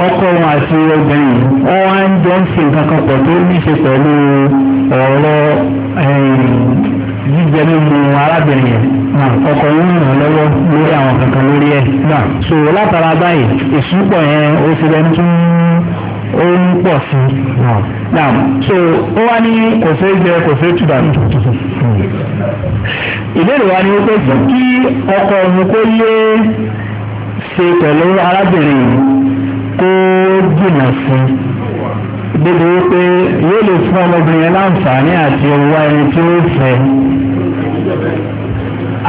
ọkọ wọn àti obìnrin wọn wá ń jọ ń fi nǹkan kan pọ̀ tó ní ṣe pẹ̀lú ọ̀rọ̀ jíjẹ mímu arábìnrin yẹn ah. ọkọ yóò ràn lọ́wọ́ lórí àwọn kankan lórí ẹ̀ ah. so látara báyìí ìsúpọ̀ yẹn ó ti rẹ̀ ń tún ó ń pọ̀ sí ah. now so ó wá ní kò fẹ́ jẹ kò fẹ́ tù dànù ìbéèrè wa ni wípé kí ọkọ òun kó lé ṣe pẹ̀lú arábìnrin kó jìnnà sí i débi wípé yóò lè fún ọmọbìnrin yẹn láǹfààní àti ọwọ́ ẹni tí ó fẹ́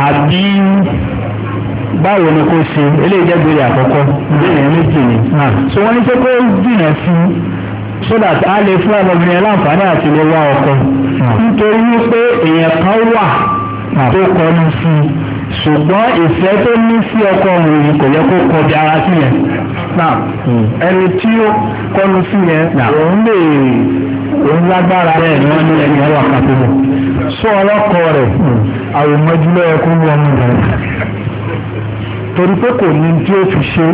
àbí báwo ni kò ṣe eléyìí jẹ́ gbèrè àkọ́kọ́ gbèrè méjì ni ah. so wọ́n ní pé kó jìnà sí so that a lè fún ọmọbìnrin yẹn láǹfààní àti lè wá ọkọ ah. nítorí wípé èèyàn kan wà ah. tó kọnu sí i ṣùgbọ́n ìfẹ́ tó ní sí ọkọ òun yìí kò yẹ kó kọbi ara sí yẹn náà hmm. ẹni tí ó kọlu sí yẹn òun lè òun lágbára rẹ̀ ni wọ́n ní ẹni ẹwà kàtó bọ̀ sọ ọlọ́kọ rẹ̀ hmm. àwòmọ́júlọ ẹkún ní ọmọ rẹ̀ torí pé kò ní tí ó fi ṣe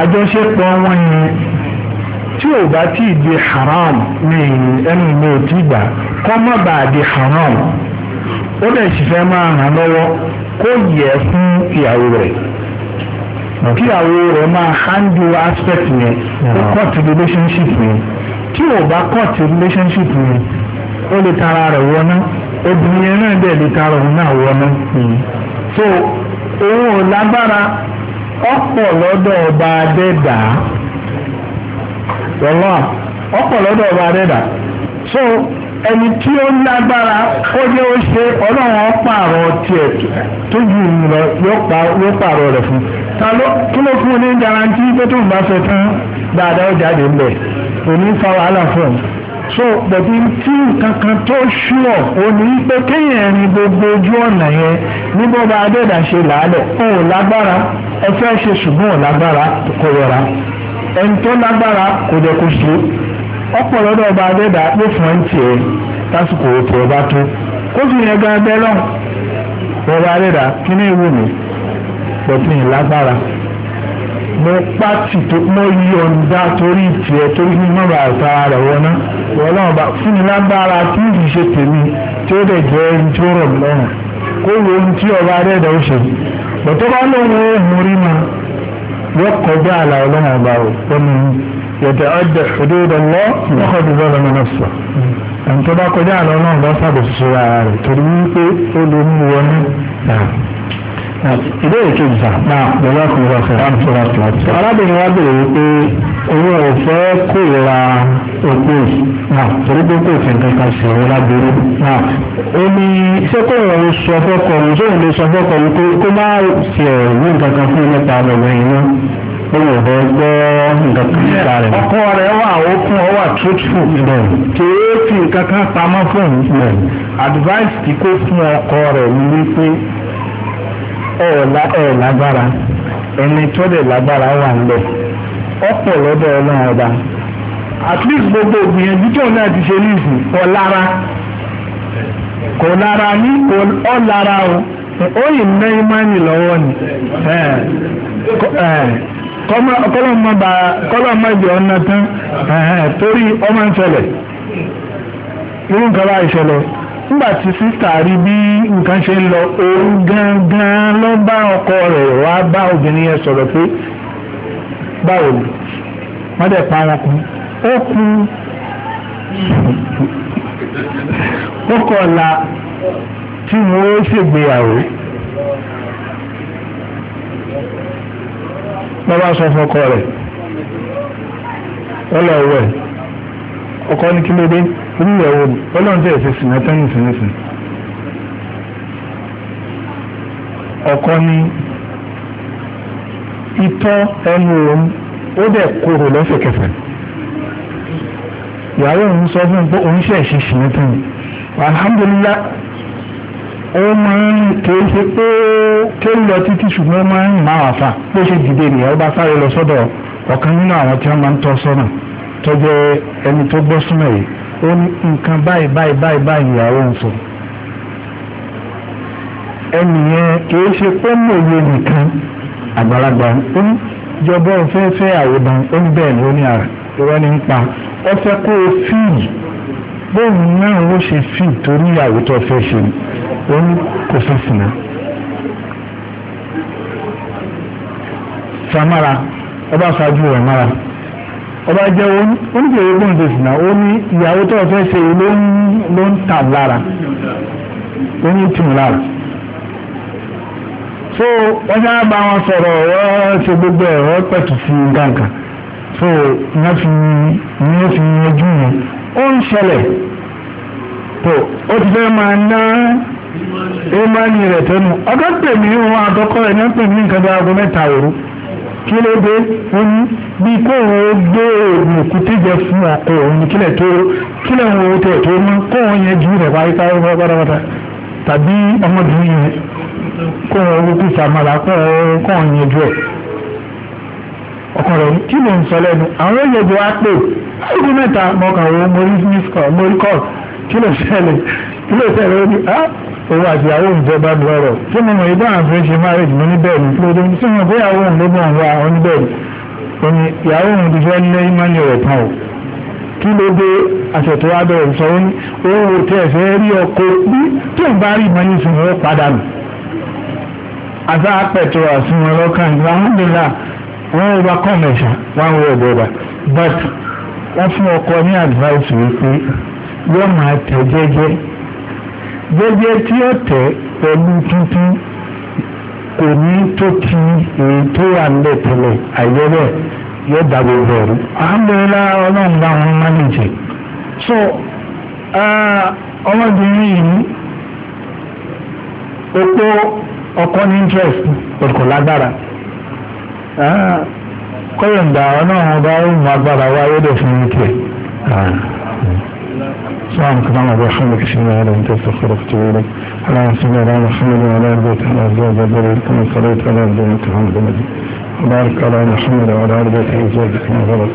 àjọṣepọ̀ wọn yẹn tí ò bá tí ì di haram ní ẹnu mi ò tí gbà kọ́ mọ́ bá di haram ó dẹ̀ sì fẹ́ máa ràn lọ́wọ́ kó yẹ fún ìyàwó rẹ̀ kí ìyàwó rẹ̀ máa handle aspect yẹn kó cut relationship yẹn tí ò bá cut relationship yẹn ó lè tara rẹ̀ wọná obìnrin yẹn náà dẹ̀ lè tara òun náà wọná hmm. so òun ò lágbára ọ̀pọ̀ lọ́dọ̀ ọba adẹ́dàá ọ̀pọ̀ lọ́dọ̀ ọba adẹ́dàá so ẹni tí ó lágbára ó jẹ́ ó ṣe ọlọ́run pààrọ̀ tiẹ̀ tó ju ìrọ̀ yóò pààrọ̀ rẹ̀ fún kí ló fún un ní garanti pé tó ń bá fẹ́ tán dáadáa ó jáde ń bẹ̀ òní fa wàhálà fún un so bẹ̀bí tí nǹkan kan tó ṣúọ̀ ó ní pé kéèyàn rin gbogbo ojú ọ̀nà yẹn ní bọ́ba adẹ́dà ṣe làálẹ̀ òun ò lágbára ẹ fẹ́ ṣe ṣùgbọ́n lágbára kò yọra ẹni tó lágbára kò jẹ́ kó ṣe é ọ̀pọ̀ lọ́dọ̀ ọba adẹ́dà ló fún ẹ ń tiẹ̀ lásìkò òkè ọba tó kó sì yẹn gan abẹ́ lọ́hùn ọba adẹ́dà kí ní ìwù mi pọ̀tí yìí lágbára mo pàtì tó mọ yọ̀ǹda torí tiẹ̀ torí ní mọ̀bà àtàrà rẹ̀ wọná ọlọ́run bá fún mi lágbára tí kì í ṣe tèmi tí ó dẹ̀ jẹ́ ẹni tí ó rọ̀ mí lọ́rùn kó wo ohun tí ọba adẹ́dà ó ṣe bọ̀tọ́ bá lóun ó mú rí ma yọ kọjá àlà ọlọ́run ọba ò pẹ́ yẹtẹ̀ọ́dẹ̀ òdòdó lọ lọ́kọ̀dù bọ́ọ̀lù mọ́nàfọ́ ẹni tó bá kọjá àlọ́ náà bá sábà ṣiṣẹ́ ara rẹ̀ torí wípé ó lè mú wọn ní ìbéèrè kejì sá náà pẹ̀lú àkùnrin ọ̀sẹ̀ láti fọ́ra tìláàtì. arábìnrin wa béèrè wípé òun ò fẹ́ kórìíra òkú náà torí pé kò fi nǹkan kan sí ọ̀rọ̀ lágbèrè náà. ó ní ṣé kó òun sọ fọ́kọ̀ọ́ òun sóun lè sọ fọ́kọ̀ọ́ kó má ṣe ẹ̀rù nǹkan kan fún nípa ọ̀gbẹ̀yìn náà. òun nǹkan kíkà rẹ̀. ọkọ rẹ̀ wà ó fún ọ wà fi nǹkan kan pamọ́ fún un. advice tí kò fún ọkọ rẹ̀ ni lágbára ẹni tó dẹ̀ lágbára wà ọ̀pọ̀ lọ́dọ̀ ọlọ́run ọba at least gbogbo ògbìyànjú tó náà ti ṣe kọ lára lára ní ọ lára o lọ́wọ́ ni. kọ́lọ́mọ́jì ọ̀nà tán torí ọmọ ń ṣẹlẹ̀ irú nǹkan bá ìṣẹlẹ̀ nígbà sísà rí bí nǹkan ṣe ń lọ òun gangan ló bá ọkọ rẹ̀ wá bá obìnrin yẹn sọ̀rọ̀ pé báwo ni wọ́n dẹ̀ pa ó tí bàbá sọ fún ọkọ rẹ̀ ọlọ ọwẹ ọkọ ní kí ló dé ọlọ́run tẹ̀ ọkọ ní itọ́ ẹnu òun ó dẹ̀ korò lẹ́sẹ̀kẹsẹ̀ ìyàwó òun sọ fún un pé òun ṣẹ̀ alhamdulillah ó máa ń kìí ṣe pé kí lọ títí ṣùgbọ́n ó máa ń máa wà fà bó ṣe dìde nìyẹn ó bá sáré lọ sọ́dọ̀ ọ̀kan nínú àwọn tí wọ́n máa ń tọ́ sọ́nà tó jẹ́ ẹni tó gbọ́ súnmọ́ yìí ó ní nǹkan báyìí báyìí báyìí báyìí ìyàwó ń sọ ẹnìyẹn kìí ṣe pé mòye nìkan àgbàlagbà ó ní jọba ọ̀fẹ́ àwòdàn ó ní bẹ́ẹ̀ ni ó ní àrà ìwọ ń pa ọ kó o fíì bóun náà ló ṣe fíì torí ìyàwó tó fẹ́ ṣe ni wọ́n kò fẹ́ sìnà. samara ọba ṣáájú rẹ̀ mara ọba jẹ́ wọ́n kì í gbọ́n ṣe sìnà ó ní ìyàwó tó fẹ́ ṣe ló ń tà lára ó ní tìmù lára so wọ́n sábà bá wọn sọ̀rọ̀ wọ́n ṣe gbogbo ẹ̀ wọ́n pẹ̀tù sí gàǹkà so wọ́n fi wọ́n fi yanjú yẹn ó ń ṣẹlẹ̀ tó ó ti fẹ́ máa ná ìmánì rẹ̀ tẹnu ọjọ́ pè mí ohun àkọ́kọ́ ẹni pè mí nǹkan bí aago mẹ́ta òru kí ló dé ó ní bí kóun ó gbé oògùn òkúté jẹ fún òun ní kílẹ̀ tó kílẹ̀ wọn ó tẹ̀ tó mú kóun yẹn jù rẹ̀ wáyé káyọ̀ fún tàbí yẹn ó kú sàmàlà yẹn ẹ̀ rẹ̀ kí ló ń kí ló ṣẹlẹ̀ kí ló ṣẹlẹ̀ ó ní á òun àti ìyàwó ìjọba lọ́rọ̀ tí mo mọ̀ ibà àfi ṣe marriage mo ní bẹ́ẹ̀ ni kí ló dé tí mo bóyá òun ló mọ̀ wá òun ní bẹ́ẹ̀ ni òun ni ìyàwó òun ti fẹ́ lé ìmọ̀ni rẹ̀ tán o kí ló dé àṣetò abẹ́rẹ́ sọ ó ní owó tẹ̀ fẹ́ rí ọkọ bí tó ń bá rí ìmọ̀ni sùn ó padà nù àtà àpẹ̀tọ̀ àfihàn wọn lọ́kàn ìgbà wọn lè là wọn ò bá kọ́ mẹ́sà wọn ò wọ̀ bọ̀ but wọ́n fún ọkọ ní advice wípé yóò máa tẹ̀ jẹ́jẹ́ jẹ́jẹ́ tí ó tẹ̀ pẹ̀lú títí kò ní tó ti èyí tó wà nílẹ̀ tẹ́lẹ̀ àìjẹ́bẹ̀ yóò dà gbogbo ẹ̀rú alhamdulillah ọlọ́run bá wọn mánìjì so ọmọbìnrin yìí opó ọkọ ní interest kò lágbára kọ́yọ̀ǹda ọlọ́run bá wọn agbára wáyé dẹ̀ fún mi tiẹ̀. سبحانك اللهم وبحمدك اشهد ان لا اله الا انت استغفرك واتوب اليك اللهم صل على محمد وعلى ال بيته على ازواج ذريه كما صليت على ال بيته حمد وبارك على محمد وعلى ال بيته ازواج كما باركت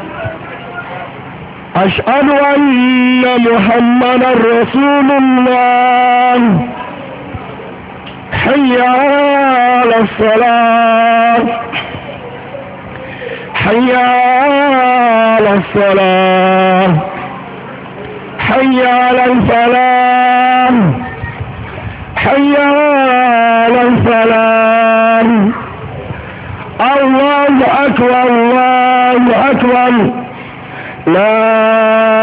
أشهد أن محمد رسول الله حي على الصلاة حي على الصلاة حي على الفلام حي على الفلام الله أكبر الله أكبر لا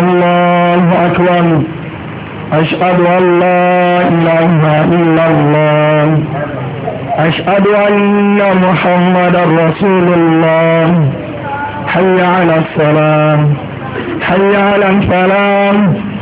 الله أكبر أشهد أن لا إله إلا الله أشهد أن محمدا رسول الله حي على السلام حي على الفلاح